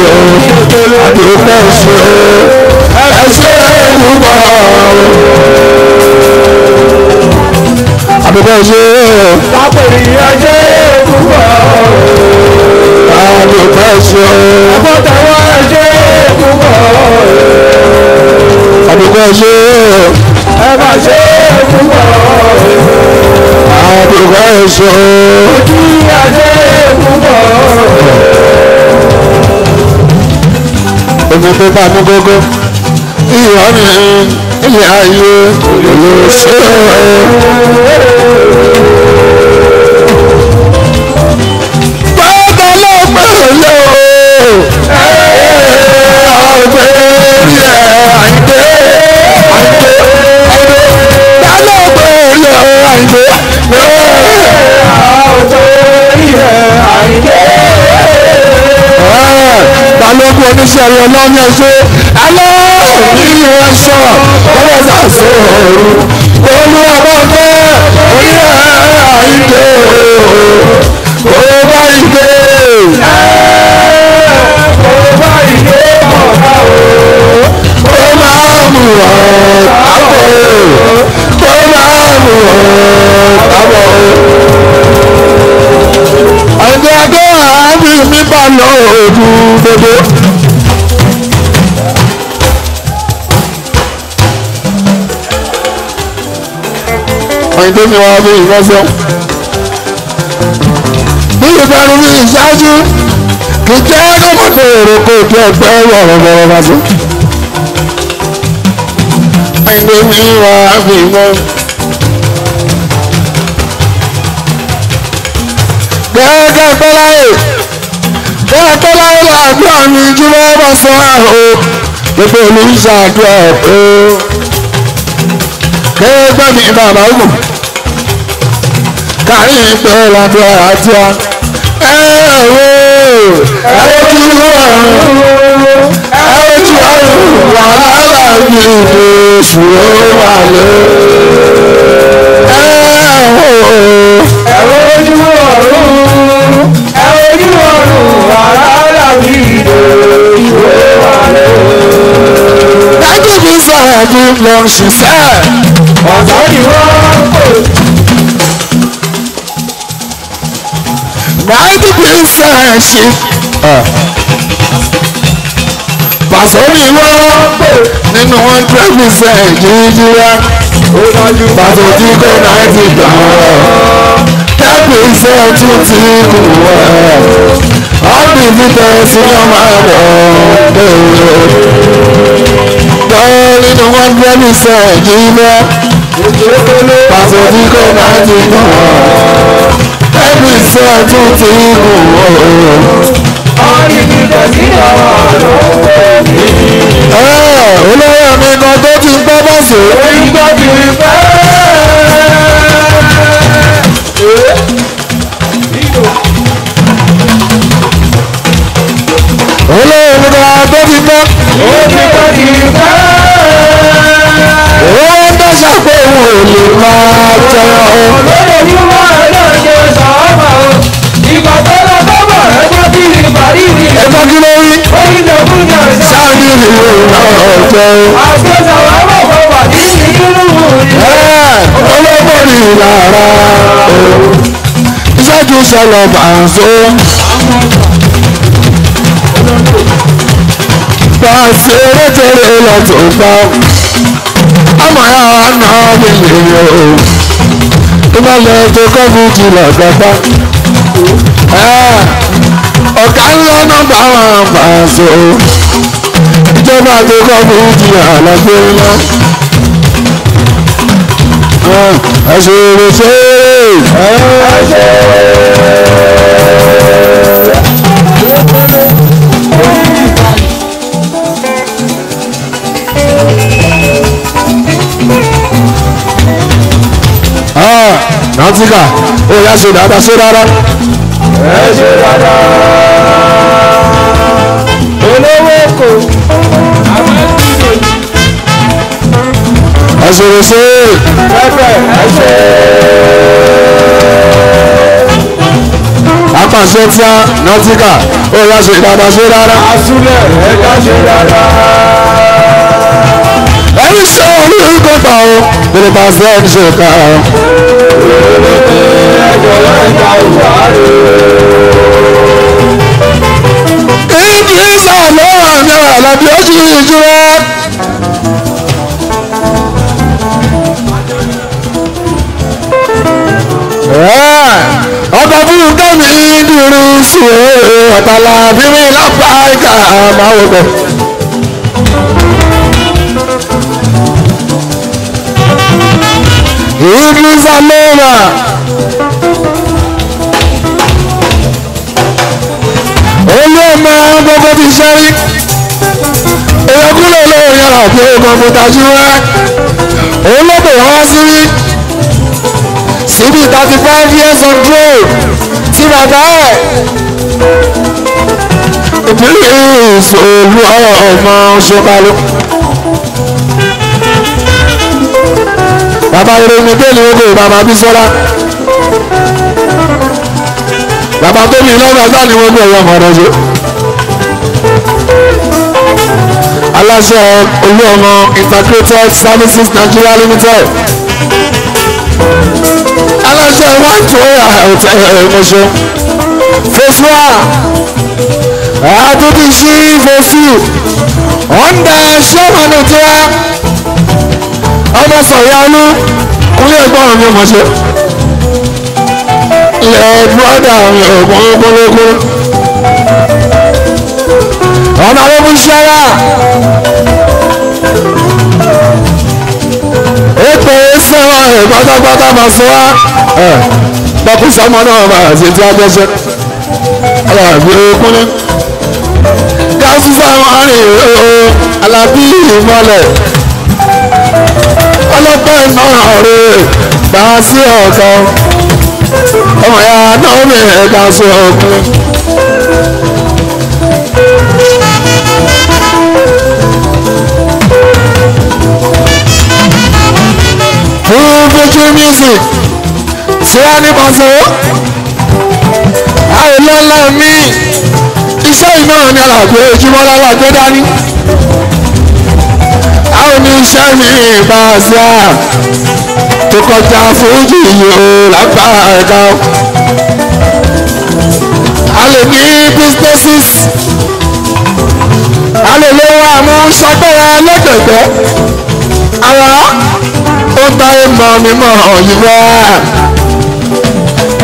Speaker 3: o àdúgbò ìṣòro ẹ̀ṣẹ̀ ìwúbọ̀ àdúgbò ìṣòro lápẹ̀rẹ̀ ẹ̀ṣẹ̀ ìwúbọ̀ àdúgbò ìṣòro àbọ̀tẹ̀wọ̀ ẹ̀ṣẹ̀ ìwúbọ̀ àdúgbò ṣe ẹ má ṣe púpọ̀ àdúgbò ṣe ojú àṣẹ púpọ̀. omi pépà mú gógó ìyá mi ilé ayé ló ṣe é. Yeah àìgbé Balógun oníṣẹ́ ẹ̀rọ lọ́nà ẹ̀ṣọ́ alẹ́ òní ẹ̀ṣọ́ bọ́lá ṣàṣọ ooru olú ọmọdé orí ẹ̀ àìgbé o bá ìgbé. mú ọ àbọ̀ tó máa mú ọ àbọ̀. ọ̀dọ́ àgọ́ àábí mi bá lọ òdu dodo. òyìnbó mi wá bí ìrẹsẹ̀ bí ìbẹ̀rù mi ìṣáájú kì í jẹ́ kókò tó èrò kó o jẹ́ ẹgbẹ́ ìgbómi wà gbìmọ̀. Gẹ́gẹ́ Tọ́láyè, gẹ́gẹ́ Tọ́láyè làdúrà mi jùlọ bá sọ àhó, gbogbo mi ń ṣàdúrà ó. Gẹ́gẹ́ mi bàbá wù, kárí ìpè làdúrà àti à. Ẹ ẹ̀ wò, ẹ ti wọ̀ ọ́ wàhálà mi oṣù wà lé.
Speaker 4: ẹ̀rọ ojú ọ̀run ẹ̀rọ ojú ọ̀run
Speaker 3: wàhálà mi oṣù wà lé. dájú mi sọ ẹ̀mí lọ ṣiṣẹ́. ọ̀tọ̀ ni wọ́n kò. Ninety percent. Pàṣẹ́rì wọ́n pè nínú hundred percent jíjíra. Pàṣẹ tí kò náìtì gbà wọ́n. Ten percent tún ti kù wọ́n. Ọ́bì títẹ̀ sí ọmọ rẹ̀ pé nínú hundred percent jíjíra. Pàṣẹ tí kò náìtì gbà wọ́n. Ten percent tún ti kù wọ́n olóyè mi kan tó ti ń gbọ́ bọ́ọ̀sì. ìgbà tí ń fẹ́. olóyè mi kan tó ti gbọ́. ìgbà tí ń fẹ́. owó ń dọ́ṣà pé òun ò lè máa jẹun. olóyè mi máa. ẹ̀fọ́ kí ló rí sáàrí ọ̀tọ̀. ọlọ́pọ̀ ní ìlara ìṣẹ́jú sọlọ bàǹzó. Pàṣẹ erékeré lọ́tún gbọ́, ọmọ yà wá náà mi lè yọ ìbálẹ̀ tó kọ́ fún jùlọ gbọ́gbọ́ ọ̀gá ńlá nọ́mbà wọn pàṣẹ o ìjọba tó fún ti àlàgbé ńlá. ẹsẹ̀ ìrẹsẹ̀ ẹsẹ̀ náà ti kà ó yá sódà dá sódà rárá ẹ ṣe dáadáa olówó kò àbẹ́tìdè àṣèrèṣe pẹ́pẹ́ ẹ̀ṣẹ̀. apàṣẹ tíá nọtíkà ó yá ṣe dáadáa ṣe dáadáa. àṣùlẹ̀ ẹ̀dá ṣe dáadáa ẹni sọ olùkọ́ gbà ó bèrè bá fẹ́ ká jolanta ujaru Idrisa ló wà ní Àlàbí ó ti ìjúra. ọba búrúkọ mi dúró sùn ọ̀tàlà bí mi lápá ìka àmọ́ òkò. Idrisa ló wà. olóòmọ gbogbo ti sẹ́rí ìyọkúlẹ̀ olóòrìn ọ̀rọ̀ àti gbogbo tajú rẹ olóòmọ wá sí rí síbi thirty five years on road tí bàbá ẹ̀ ìpínlẹ̀ ìṣòlù ọmọ ṣọkalu. bàbá Ìrèmí bẹ́ẹ̀ ni ó gbé bàbá Bísọ́lá bàbá tó ní lọ́wọ́ ẹ̀dá ni wọ́n ní ẹ̀yọ́ ọmọdé ṣe. aláṣẹ olú ọmọ integrated services Nigeria limited aláṣẹ one two ẹ̀ẹ́dẹ́gbẹ̀ṣọ phase one àtúntì sí phase two ọ̀ndà ṣọ́ọ̀mọ̀nù tiwa ọmọ sọ̀yà olú kúnlẹ̀ ẹ̀gbọ́n ọmọ ṣe ilẹ̀ bùrọ̀dà ọ̀gbọ́n kólókó. ọ̀nà ló mú ṣẹ́ra. ètò ìsẹ́wọ̀n ẹ̀ pátápátá máa sọ wá. pọ̀kú sọmọ náà máa ṣe tí a gbẹ́sẹ̀. alábí okúnlé. gáàsì sáwọn arìn ìró alábí ìmọ̀lẹ̀. ọlọ́pàá iná rèé bá sí ọ̀kan ọmọ ya náà bẹ̀rẹ̀ ká sọ ọkùnrin. fún fújì music tí wọ́n ní pàṣẹ àìlọ́lá mi iṣẹ́ ìmọ̀ràn ni alàgbé ojúmọ́ lálàgbé dání àwọn oníṣẹ́ mi bá tó kọjá fújì yìí ó lágbàdá o. a lè ní businesses a lè lówó àmọ́ ṣagbára lẹ́gbẹ̀gbẹ́ ara ó ta ìmọ̀ mímọ́ òyìnbó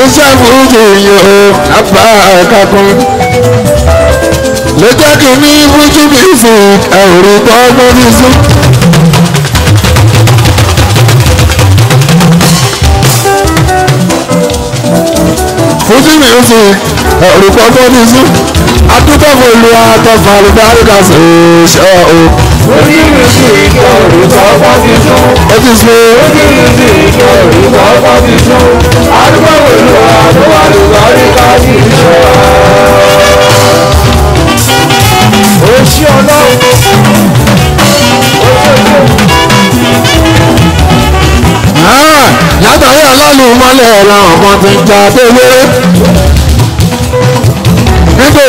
Speaker 3: iṣẹ́ fújì yìí ó lágbàdá kún lè jẹ́ kí ní fújì bí fún ẹ̀rù tó gbóni sí. kò sí mi sí olùkọ́ tó ní sí adúgbòfò ìlú àtọ̀fà àlùbáríkà sí ṣe o. ó ní ìrísí ìjọ olùkọ́ tó ti sún. ó ti sún. ó ní ìrísí ìjọ olùkọ́ tó ti sún. adúgbòfò ìlú àtọ̀fà àlùbáríkà sí ṣe o. ó ọlọ́run. látàrí ọlọ́lù mọ́lẹ̀ làwọn kan ti jà délé. níbo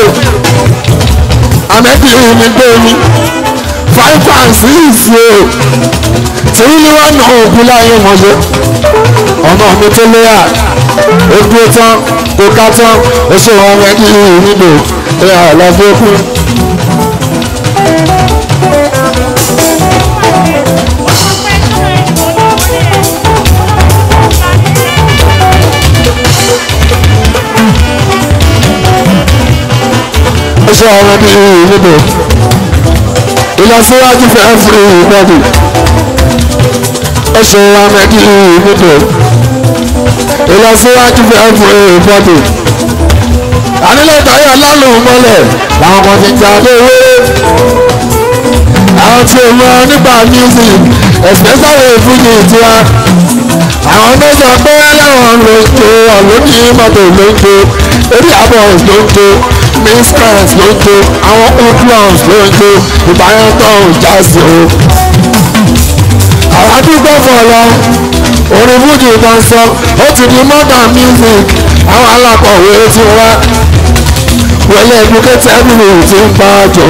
Speaker 3: àmẹ́bí mi gbé mi five and six o tìrí ni wọ́n nà òkú láyé mọ́jọ́ ọmọ mi tó léyà ó dúró tán kó ká tán ó ṣe wọn wẹ́ẹ́dì níbo ẹ̀ ọ̀lọ́dún kú. fún àwọn ní ìlúbẹ̀ ìlọsíwájú fẹ́ fún ìbọ̀dù ẹ̀sùn àwọn ní ìlúbẹ̀ ìlọsíwájú fẹ́ fún ìbọ̀dù ànílẹ̀ táyà lálùú mọ́lẹ̀ làwọn ọmọ ti jà lówó àwọn tí o mọ nípa music especially fújì tiwa àwọn tó sọ pé láwọn ló ń to ọ̀lódì mọ́tò ló ń to orí àbọ̀ ló ń to mistress ló ń to àwọn hoodlums ló ń to ìbáyọ̀ tó ń já sí o. àwọn àdúgbò fọlọ orin fújì kan sọ ó ti di modern music àwọn alákọ̀wé ti wá wọlé educated people ti ń bá jọ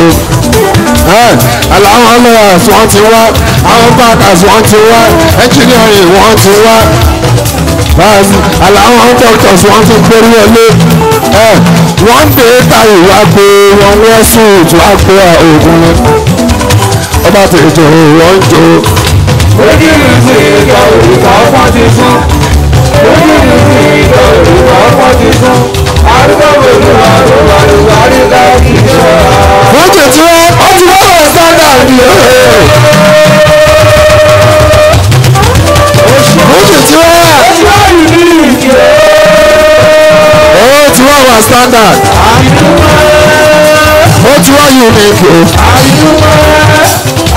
Speaker 3: aláwọ̀ lọ́wọ́ àti wọ́n ti wá. Our fathers want to work, engineering want to work. Bas àwọn doctors want to pèrè ẹlẹ́. Ẹ wọ́n dé táyì wá pé wọ́n wọ́n sùn ètò àpò òògùn ni. Ọba tó ètò òòrọ̀ ń jó. Ojú mi ti ìjọ òrùka ọkọ̀ ti sún. Ojú mi ti ìjọ òrùka ọkọ̀ ti sún. Arúgbó gbòdúrà ló wà lùwárí láti jọ. Wọ́n tètè wá, ó ti wá ni ó oṣù tí wá ó ti wá wà standard ó ti wá unique o.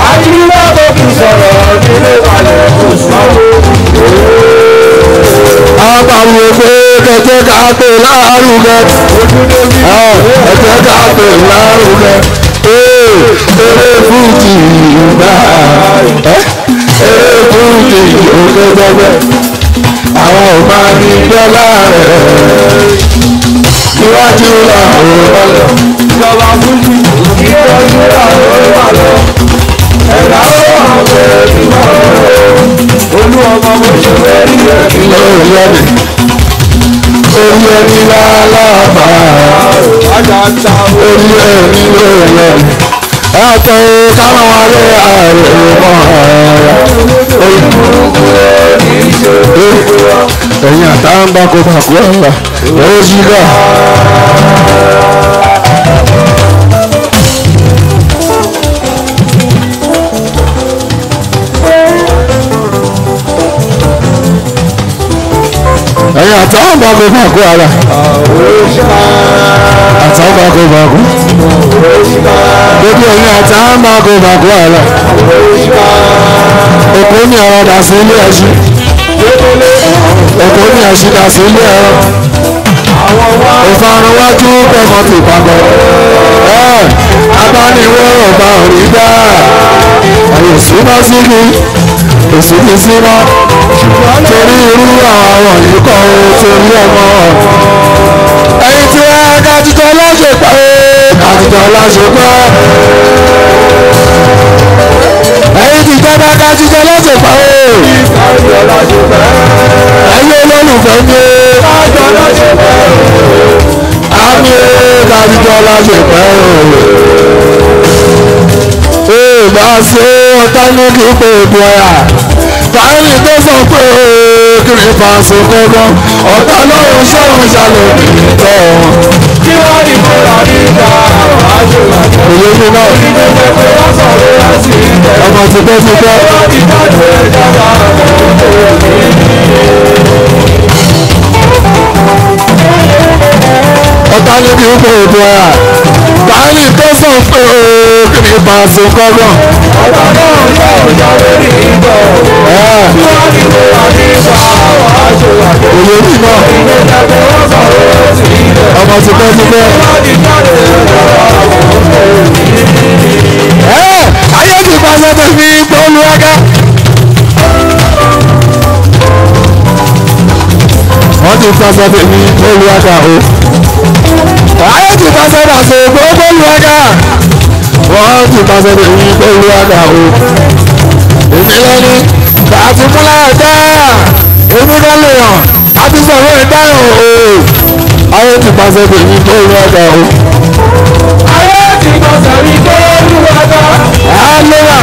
Speaker 3: àyùmá bòkì sọ̀rọ̀ nílé balẹ̀ oṣù apariwo pé kẹ̀kẹ́ ká pè lárugẹ ẹ̀kẹ́ ká pè lárugẹ eré fújì gbà eré fújì ògbẹ́gbẹ́gbẹ́ àwọn ò máa ní dọ́là rẹ̀ níwájú làwọn ò lọ. ìjọba fújì níwájú làwọn ò wà lọ ẹ̀dá ó àwọn ọ̀gbẹ́ ìgbà olú ọmọ mo ṣe fẹ́ rí ẹ̀ kí lóòrè orí ẹni lálàbà orí ẹni lóòrẹ ẹtọ káwọn wọlé ààrẹ mọ ẹ̀yin àtàǹbà kò bàkú ọ̀la ẹ̀yin ṣúgà. àtàwọn bá kó máa ara àtàwọn bá kó máa kó gbogbo òní àtàwọn bá kó ara òkú ní ọ̀rọ̀ dàsí ilé ẹṣin òkú ní ẹṣin dàsí ilé ẹ̀rọ ìfarunwájú kẹ́kọ̀ọ́ ti pàgọ́ abániwé ọ̀bá òrí àyè sí bá sí mi kò sí ní sí mọ́ torí irú àwọn yìí kọ́ ọ torí ọmọ ẹ̀yin tí wọ́n ká jíjọ láṣẹ pa ká jíjọ láṣẹ pa ẹ̀yin tí ìjọba ká jíjọ láṣẹ pa ẹ́ ẹ̀yin olólùfẹ́ mi ká jíjọ láṣẹ pa ká jíjọ láṣẹ pa bá ṣe ọ̀tá ní kíkó ìbúra táyì tó sọ pé kiri fàṣọ kankan ọ̀tá lọ́rùn ṣẹ́wọ̀n ṣàlẹ̀ tọ̀ kí wọ́n ní kó ní ìgbà àwọn àjò àjọ. òye mi náà. kí ló jẹ́ pé wọ́n sọ̀rọ̀ láti ìgbẹ́. ọmọ ti pẹ́ ti pẹ́. wọ́n ti dájú ẹja máa mọ̀ ọ́ ọ̀tá níbi ìpè ìbúra báyìí tó sọ pé ooo kí ni bá a yóò yọ lórí ìbọn. wọ́n ní mo ní ìgbà àwọn aṣọ àjọ. òye mi náà. ilé ìdàgbẹ́ wọn sọ owó sí ilé. ọmọ ti pẹ́ ti pẹ́. ìwádìí jáde lọ́wọ́ àwọn ọmọ mi. ayé ti pa sọ́tọ̀ sí bọ́ọ̀lù ẹ̀ka. wọ́n ti pa sọ́tọ̀ sí bọ́ọ̀lù ẹ̀ka o. ayé pàṣẹdà sí gbogbo olùwàgà wọ́n ti pàṣẹdà sí gbogbo olùwàgà o. èmi lẹ́ni kàtí múlẹ̀ ẹ̀dá èmi kọ́ lè hàn àti sọ̀rọ̀ ìdáhùn o. ayé ti pàṣẹdà sí gbogbo olùwàgà o. ayé ti pàṣẹdà sí gbogbo olùwàgà. alóra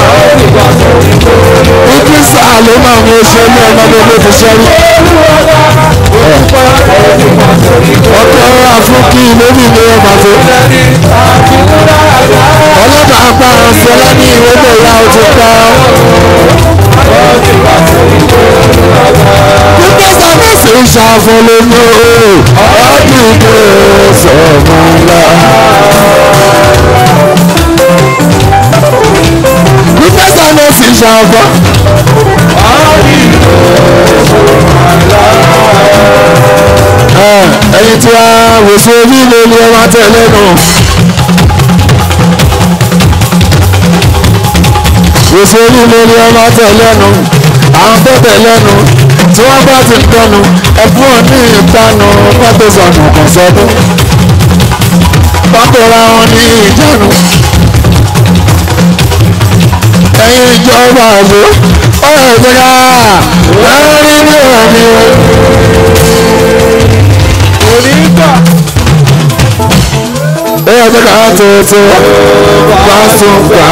Speaker 3: ìkísà ló máa ń ṣe ní ọmọdé ló ti ṣẹ́yìn ọ̀tọ̀ afúnkí lórí ilé ọmọ àfọ. ọlọ́pàá pa àṣẹlá ní ìwé mẹ́ra ó ti pa. Gbogbo sàmẹ́sì ń ṣàfọlẹ́ ní ọdún tó sọ̀mọ́ ńlá. Gbogbo sàmẹ́sì ń ṣàfọlẹ́. ẹ̀yin tí a wòsàn ojú ilé ni ẹ máa tẹ̀lé náà. wòsàn ojú ilé ni ẹ máa tẹ̀lé náà. àwọn tó tẹ̀lé náà tí wọ́n bá ti tọ́nu ẹ̀fún òní ìtanu pátó sọ̀nù kan sọ́dún. wọn ní ìjánu. ẹ̀yin ìjọba àbò ó yẹ kí wọ́n rí kò ní í gbà. Bẹ́ẹ̀ ni ká tuntun wá tún gbà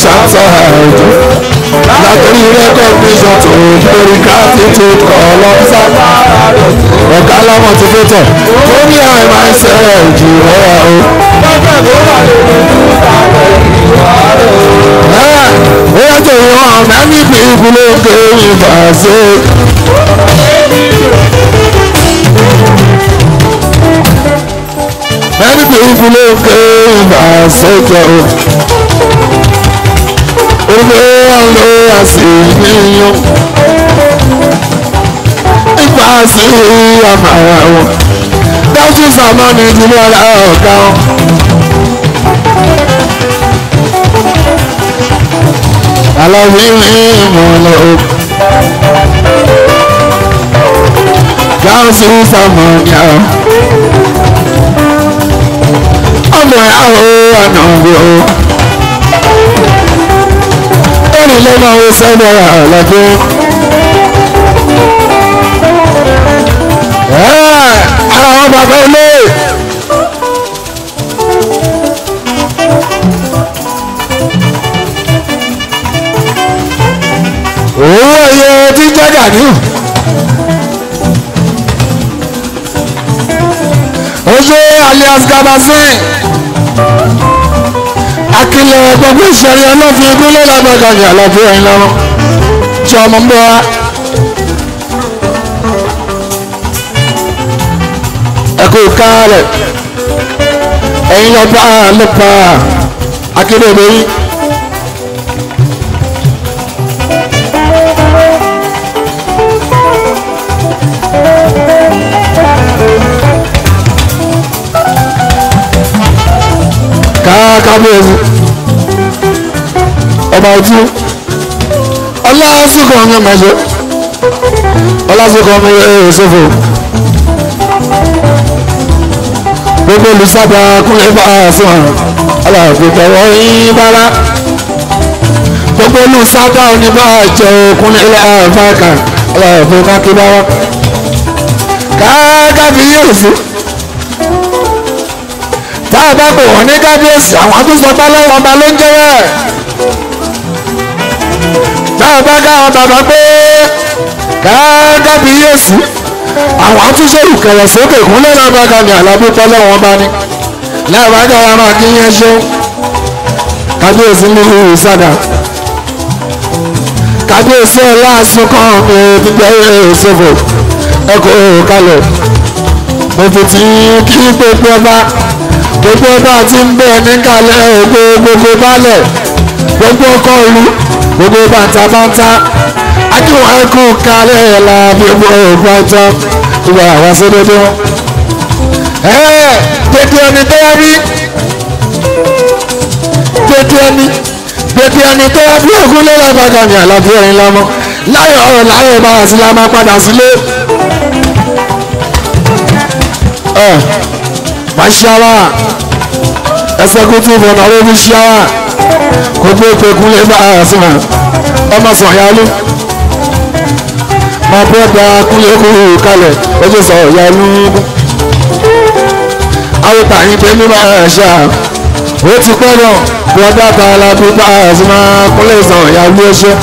Speaker 3: ṣàtàjù. Látọ̀rí rẹ́kọ̀díṣọ̀ tó ń borí káfíńtì ọlọ́sà. Ọ̀gá láwọn ti fẹ́ tọ̀. Ó ní àwọn máa ń sẹ́yìn jù rẹ̀ o. Bọ́sẹ̀ tó wà lórí ìlú ìbàdàn ìwà rẹ̀ o. Ó yẹ kí wọ́n mẹ́rin bí ibùdó kéwì bàṣẹ́. Anything you look over, set your own. Over and I see you. If I see you, I'm around. That is our money to my account. I love you, my love. That is our money ọmọ ya o anambo. Ẹni lẹ́nu àwọn sẹ́nu ọ̀rọ̀ àlọ́dún. Ara wọn bàbá ilé. Owó ẹyẹ tí jágà ní. Oṣù alias Gabasin akílẹ̀ gbogbo ìṣẹ̀rí ọlọ́fin ìpínlẹ̀ lágbàgàgà àlàáfíà yín lọ́rùn tí ọmọ ń bọ̀ wá. ẹ̀kú kárẹ̀ ẹ̀yin lọ́ba lọ́pa akílẹ̀ òbẹ̀yìn. kábíyèsí ọba ojú ọlọ́sùnkọ̀ ọmọ ẹ̀mẹ́sẹ̀ ọlọ́sùnkọ̀ ọmọ ẹ̀ṣẹ̀fọ̀ gbogbo olùsábà kúnlẹ̀ bá a fún ọ aláàfin tọwọ́ yín bára gbogbo olùsábà oníbàjẹ́ kúnlẹ̀ àfáàkà aláàfin kákébára kákábíyèsí bá pè wọ́n ní kábíyèsí àwọn tó sọ pé lọ́wọ́ ọba ló ń jẹ́ bẹ́ẹ̀. bá a bá ká àwọn bàbá pé kábíyèsí àwọn tó ṣe ìkẹ̀rẹ̀ sókè kúnlẹ̀ lábàgà ní àlábùpọ̀ lọ́wọ́ ọba ni lábàgà wa máa kí yẹn ṣe kábíyèsí ní ìhù sádà kábíyèsí ọlá sunkàn gbígbẹ́ ìṣòfò ẹ̀kọ́ kalẹ̀ mo fi ti kí gbogbo ọba gbogbo bá ti ń bẹ níkàlẹ̀ ògbó gbogbo balẹ̀ gbogbo ọkọ ìlú gbogbo bàtàbàtà akíwọ̀n ẹkùn kalẹ̀ la gbogbo ògbàjọ ìwà àwọn sódodo. gbèdé ẹni tó yá bí gbèdé ẹni gbèdé ẹni tó yá bí ògùn lé lágbàdà ní àlàbí ẹ̀rín lọ́mọ láyọ̀ ọ̀rọ̀ láyọ̀ bá àti lámà padà sílé mashallah executive honorable shawa kò gbé ìpẹ̀kùn lè bá àṣà ọmọ yalu, my brother kúnlẹ̀ kúrò kalẹ̀ ojú sọ̀yálú àwọn tàyín pé mímọ́ àṣà ó ti pẹ́ náà brother tààlà bí bá àṣà kúnlẹ̀ sọ̀yálú ẹṣẹ́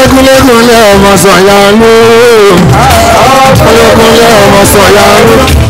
Speaker 3: ojú kúnlẹ̀ kúnlẹ̀ ọmọ sọ̀yálú kúnlẹ̀ kúnlẹ̀ ọmọ sọ̀yálú.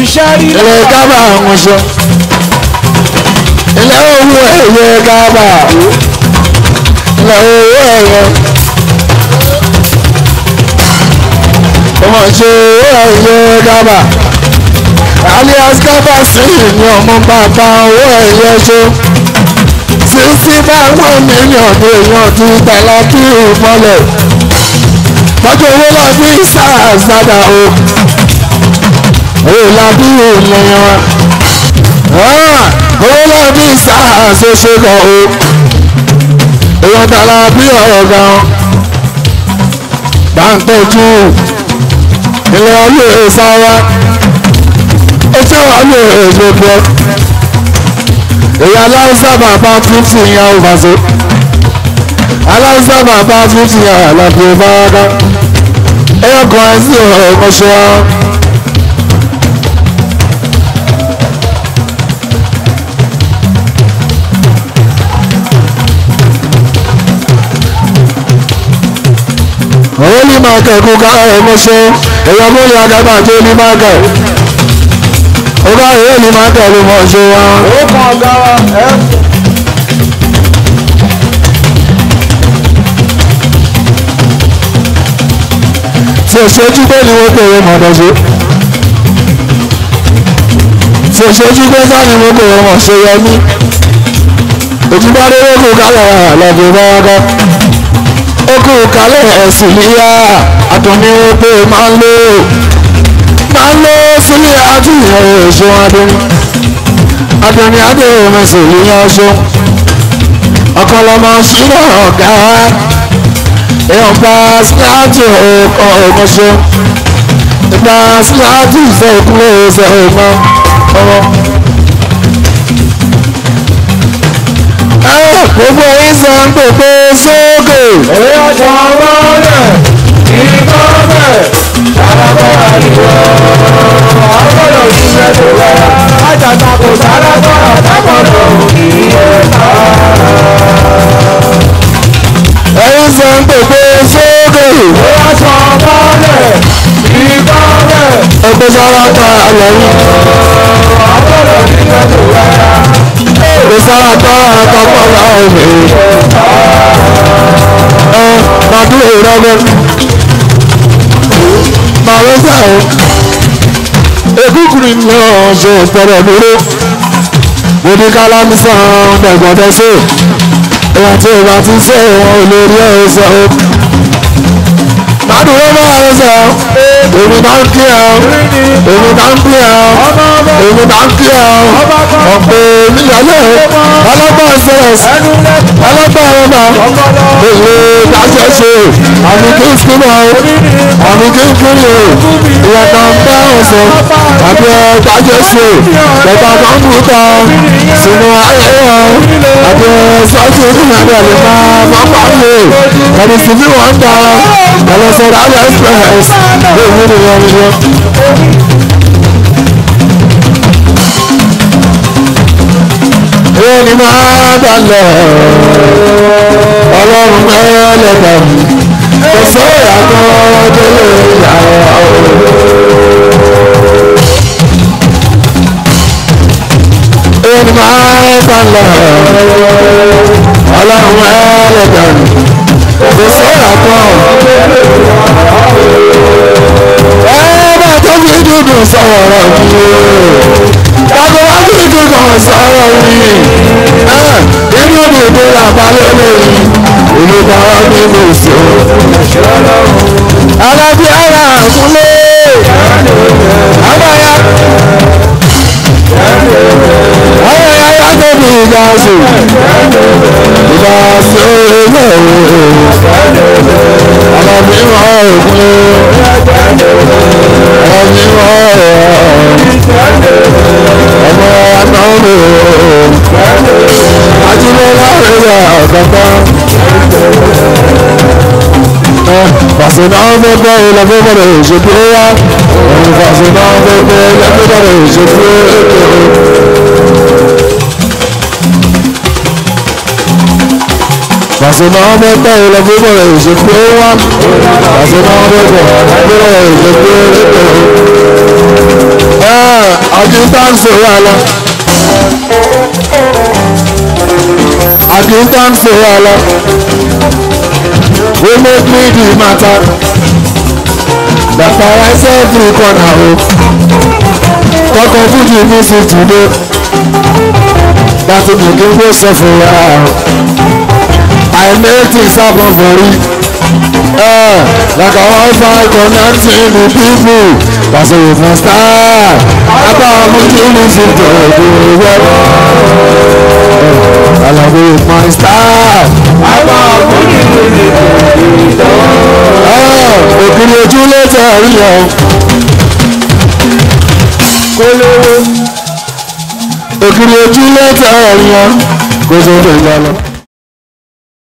Speaker 3: iṣẹ́ rí lọ. ilẹ̀ ká bá wọn sọ ilẹ̀ owó ẹ̀yẹ ká bá ilẹ̀ owó ẹ̀yẹ. ọmọ ṣe owó ẹ̀yẹ ká bá alias kábà sí ni ọmọ bàbá owó ẹ̀yẹ ṣó sísí bá wọn mílíọ̀nù èèyàn ti tẹ̀lé kí n mọ́lẹ̀ tọ́jú owó lọ sí sars dada o olabi ènìyàn olabi sáàsì ṣẹlẹ̀ o èèyàn tààrà bí ọ̀rọ̀ gan gbàǹtẹ̀jú ilé ọlọ́ ìsára ó ṣe wà ní ìgbẹ́gbẹ́ èyí aláìsá bàbá fífi yan òfàṣọ aláìsá bàbá fífi yan àlàfo bá dá ẹ̀yọkàn ẹ̀sìn ọ̀rọ̀ ẹ̀kọ́ṣọ́. maka kuka emuso ewa muli agaba to ni maka oga ewe ni maka bu mo so wa o kan ọ̀gá wa eh ṣèṣojú pé ni wọ́n pèrè mọ̀dọ̀ṣe ṣèṣojú pé sáni wọ́n pèrè mọ̀ṣe yẹmí òtún bá dé wọ́n kó kálọ̀ àlọ́ bí wọ́n wá kọ́ kú kalẹ̀ sílíà àtúnní pé máa ń lò máa ń lò sílíà àtúnyẹ̀ èso adúní adúní adéhùn sílíà ọ̀ṣọ́ ọ̀kọ́lọ́mọ sílẹ̀ ọ̀gá ìyọ̀npa síláàtì ọkọ̀ ọ̀mọ̀ṣọ́ ìgbà síláàtì ìṣẹ́ ìkúlẹ̀ ìṣẹ́ ìmọ̀ ọmọ. gbogbo yín sọ ń pè pé sóògè. èyí ọjà ṣàlàbọ̀ àdìgbò ọgbọ́dọ̀ ṣiṣẹ́ tó rẹ̀ àjàgbà kò ṣàlàbọ̀ àtàkọ̀dọ̀ òkì ẹ̀ka. èyí sọ ń pè pé sóògè. èyí ọjà ẹgbẹ́ sára pa àlọ́ yìí. ọgbọ́dọ̀ ṣiṣẹ́ tó rẹ̀ sára tó àtọ́kọ́ bá òbí. ẹ màdú ìrọ́gbẹ́ màwé sáà ekukuri náà ṣe ìpẹ̀rẹ̀ dúró bòdì kálámísà ọ̀dẹ̀gbọ̀dẹ̀ ṣe ìwà tí ìwà ti ṣe wọn ò lè rí ẹ̀ ṣe o. màdúró máa ń sọ èmi bá ń kí ẹ o èmi bá ń kí ẹ o èmi bá ń kí ẹ o ọ̀pẹ mi lọ́lẹ̀ ọlọ́gbà sẹ́ẹ̀sì ọlọ́gbà ọlọ́gbà èlé dájọ́ ṣe àmì kí n kí mọ́ o àmì kí n kí ni o ìyàtọ̀ ń bá ọ̀sẹ̀ àbí dájọ́ ṣe bàbá máa ń mú tọ́ sínú ayẹyẹ o àbí sọ́ọ̀tì ìdúnnàdà lè máa máa pàdé ẹni sì bí wọ́n ń ta ẹlẹ́sẹ̀ rẹ̀ express lè mú lórí ẹyẹ. Èyí ni máa bá lọ, ọlọ́run mẹ́lẹ̀ bá mi, kò sóyà náà tó o. Èyí máa bá lọ, ọlọ́run mẹ́lẹ̀ bá mi, kò sóyà náà tó o. fi dúdú sọ̀rọ̀ mi bàbá wa fi sọ̀rọ̀ mi ah, inú dúdú làbá lélẹ̀ yìí olùkọ́ wa fi mú sí alábí ara àkúlé àbáyá àbáyá yàtọ̀bí ìdásù ìdásù olùkọ́ alábí ara àkúlé fẹ́ ilẹ̀ fún bọ̀dọ̀ ìṣètò wa òun fàṣẹ náà fẹ́ fẹ́ ilẹ̀ fún bọ̀dọ̀ ìṣètò kékeré. Fàṣẹ̀nà ọmọ ẹgbẹ́ ilẹ̀ gbogbo rẹ̀ òṣè pé ó wá. Fàṣẹ̀nà ọmọ ẹgbẹ́ gbogbo rẹ̀ òṣè pé ó lébè ó. Bẹ́ẹ̀ ọdún tá ń sòrò àlọ́. Ọdún tá ń sòrò àlọ́. We make me the matter. Bàbá wa ṣe é fún ikọ̀ náà o. Kọ́kọ́ fújì mi sì jù dé. Bàtí kìkì ń gbé sọ àìmẹ́tì sábọ̀ forí. Like a Wi-Fi connecting the people, that's how we must start. Abba Mutulu ti tọ̀gbọ̀ wẹ́rọ̀. Àlàbí my star. Abba Mutulu ti tọ̀gbọ̀. Ògiri ojú ló tẹ̀ rí lọ. Kólówó. Ògiri ojú ló tẹ̀ rí lọ. Kó sóde ìgbà lọ.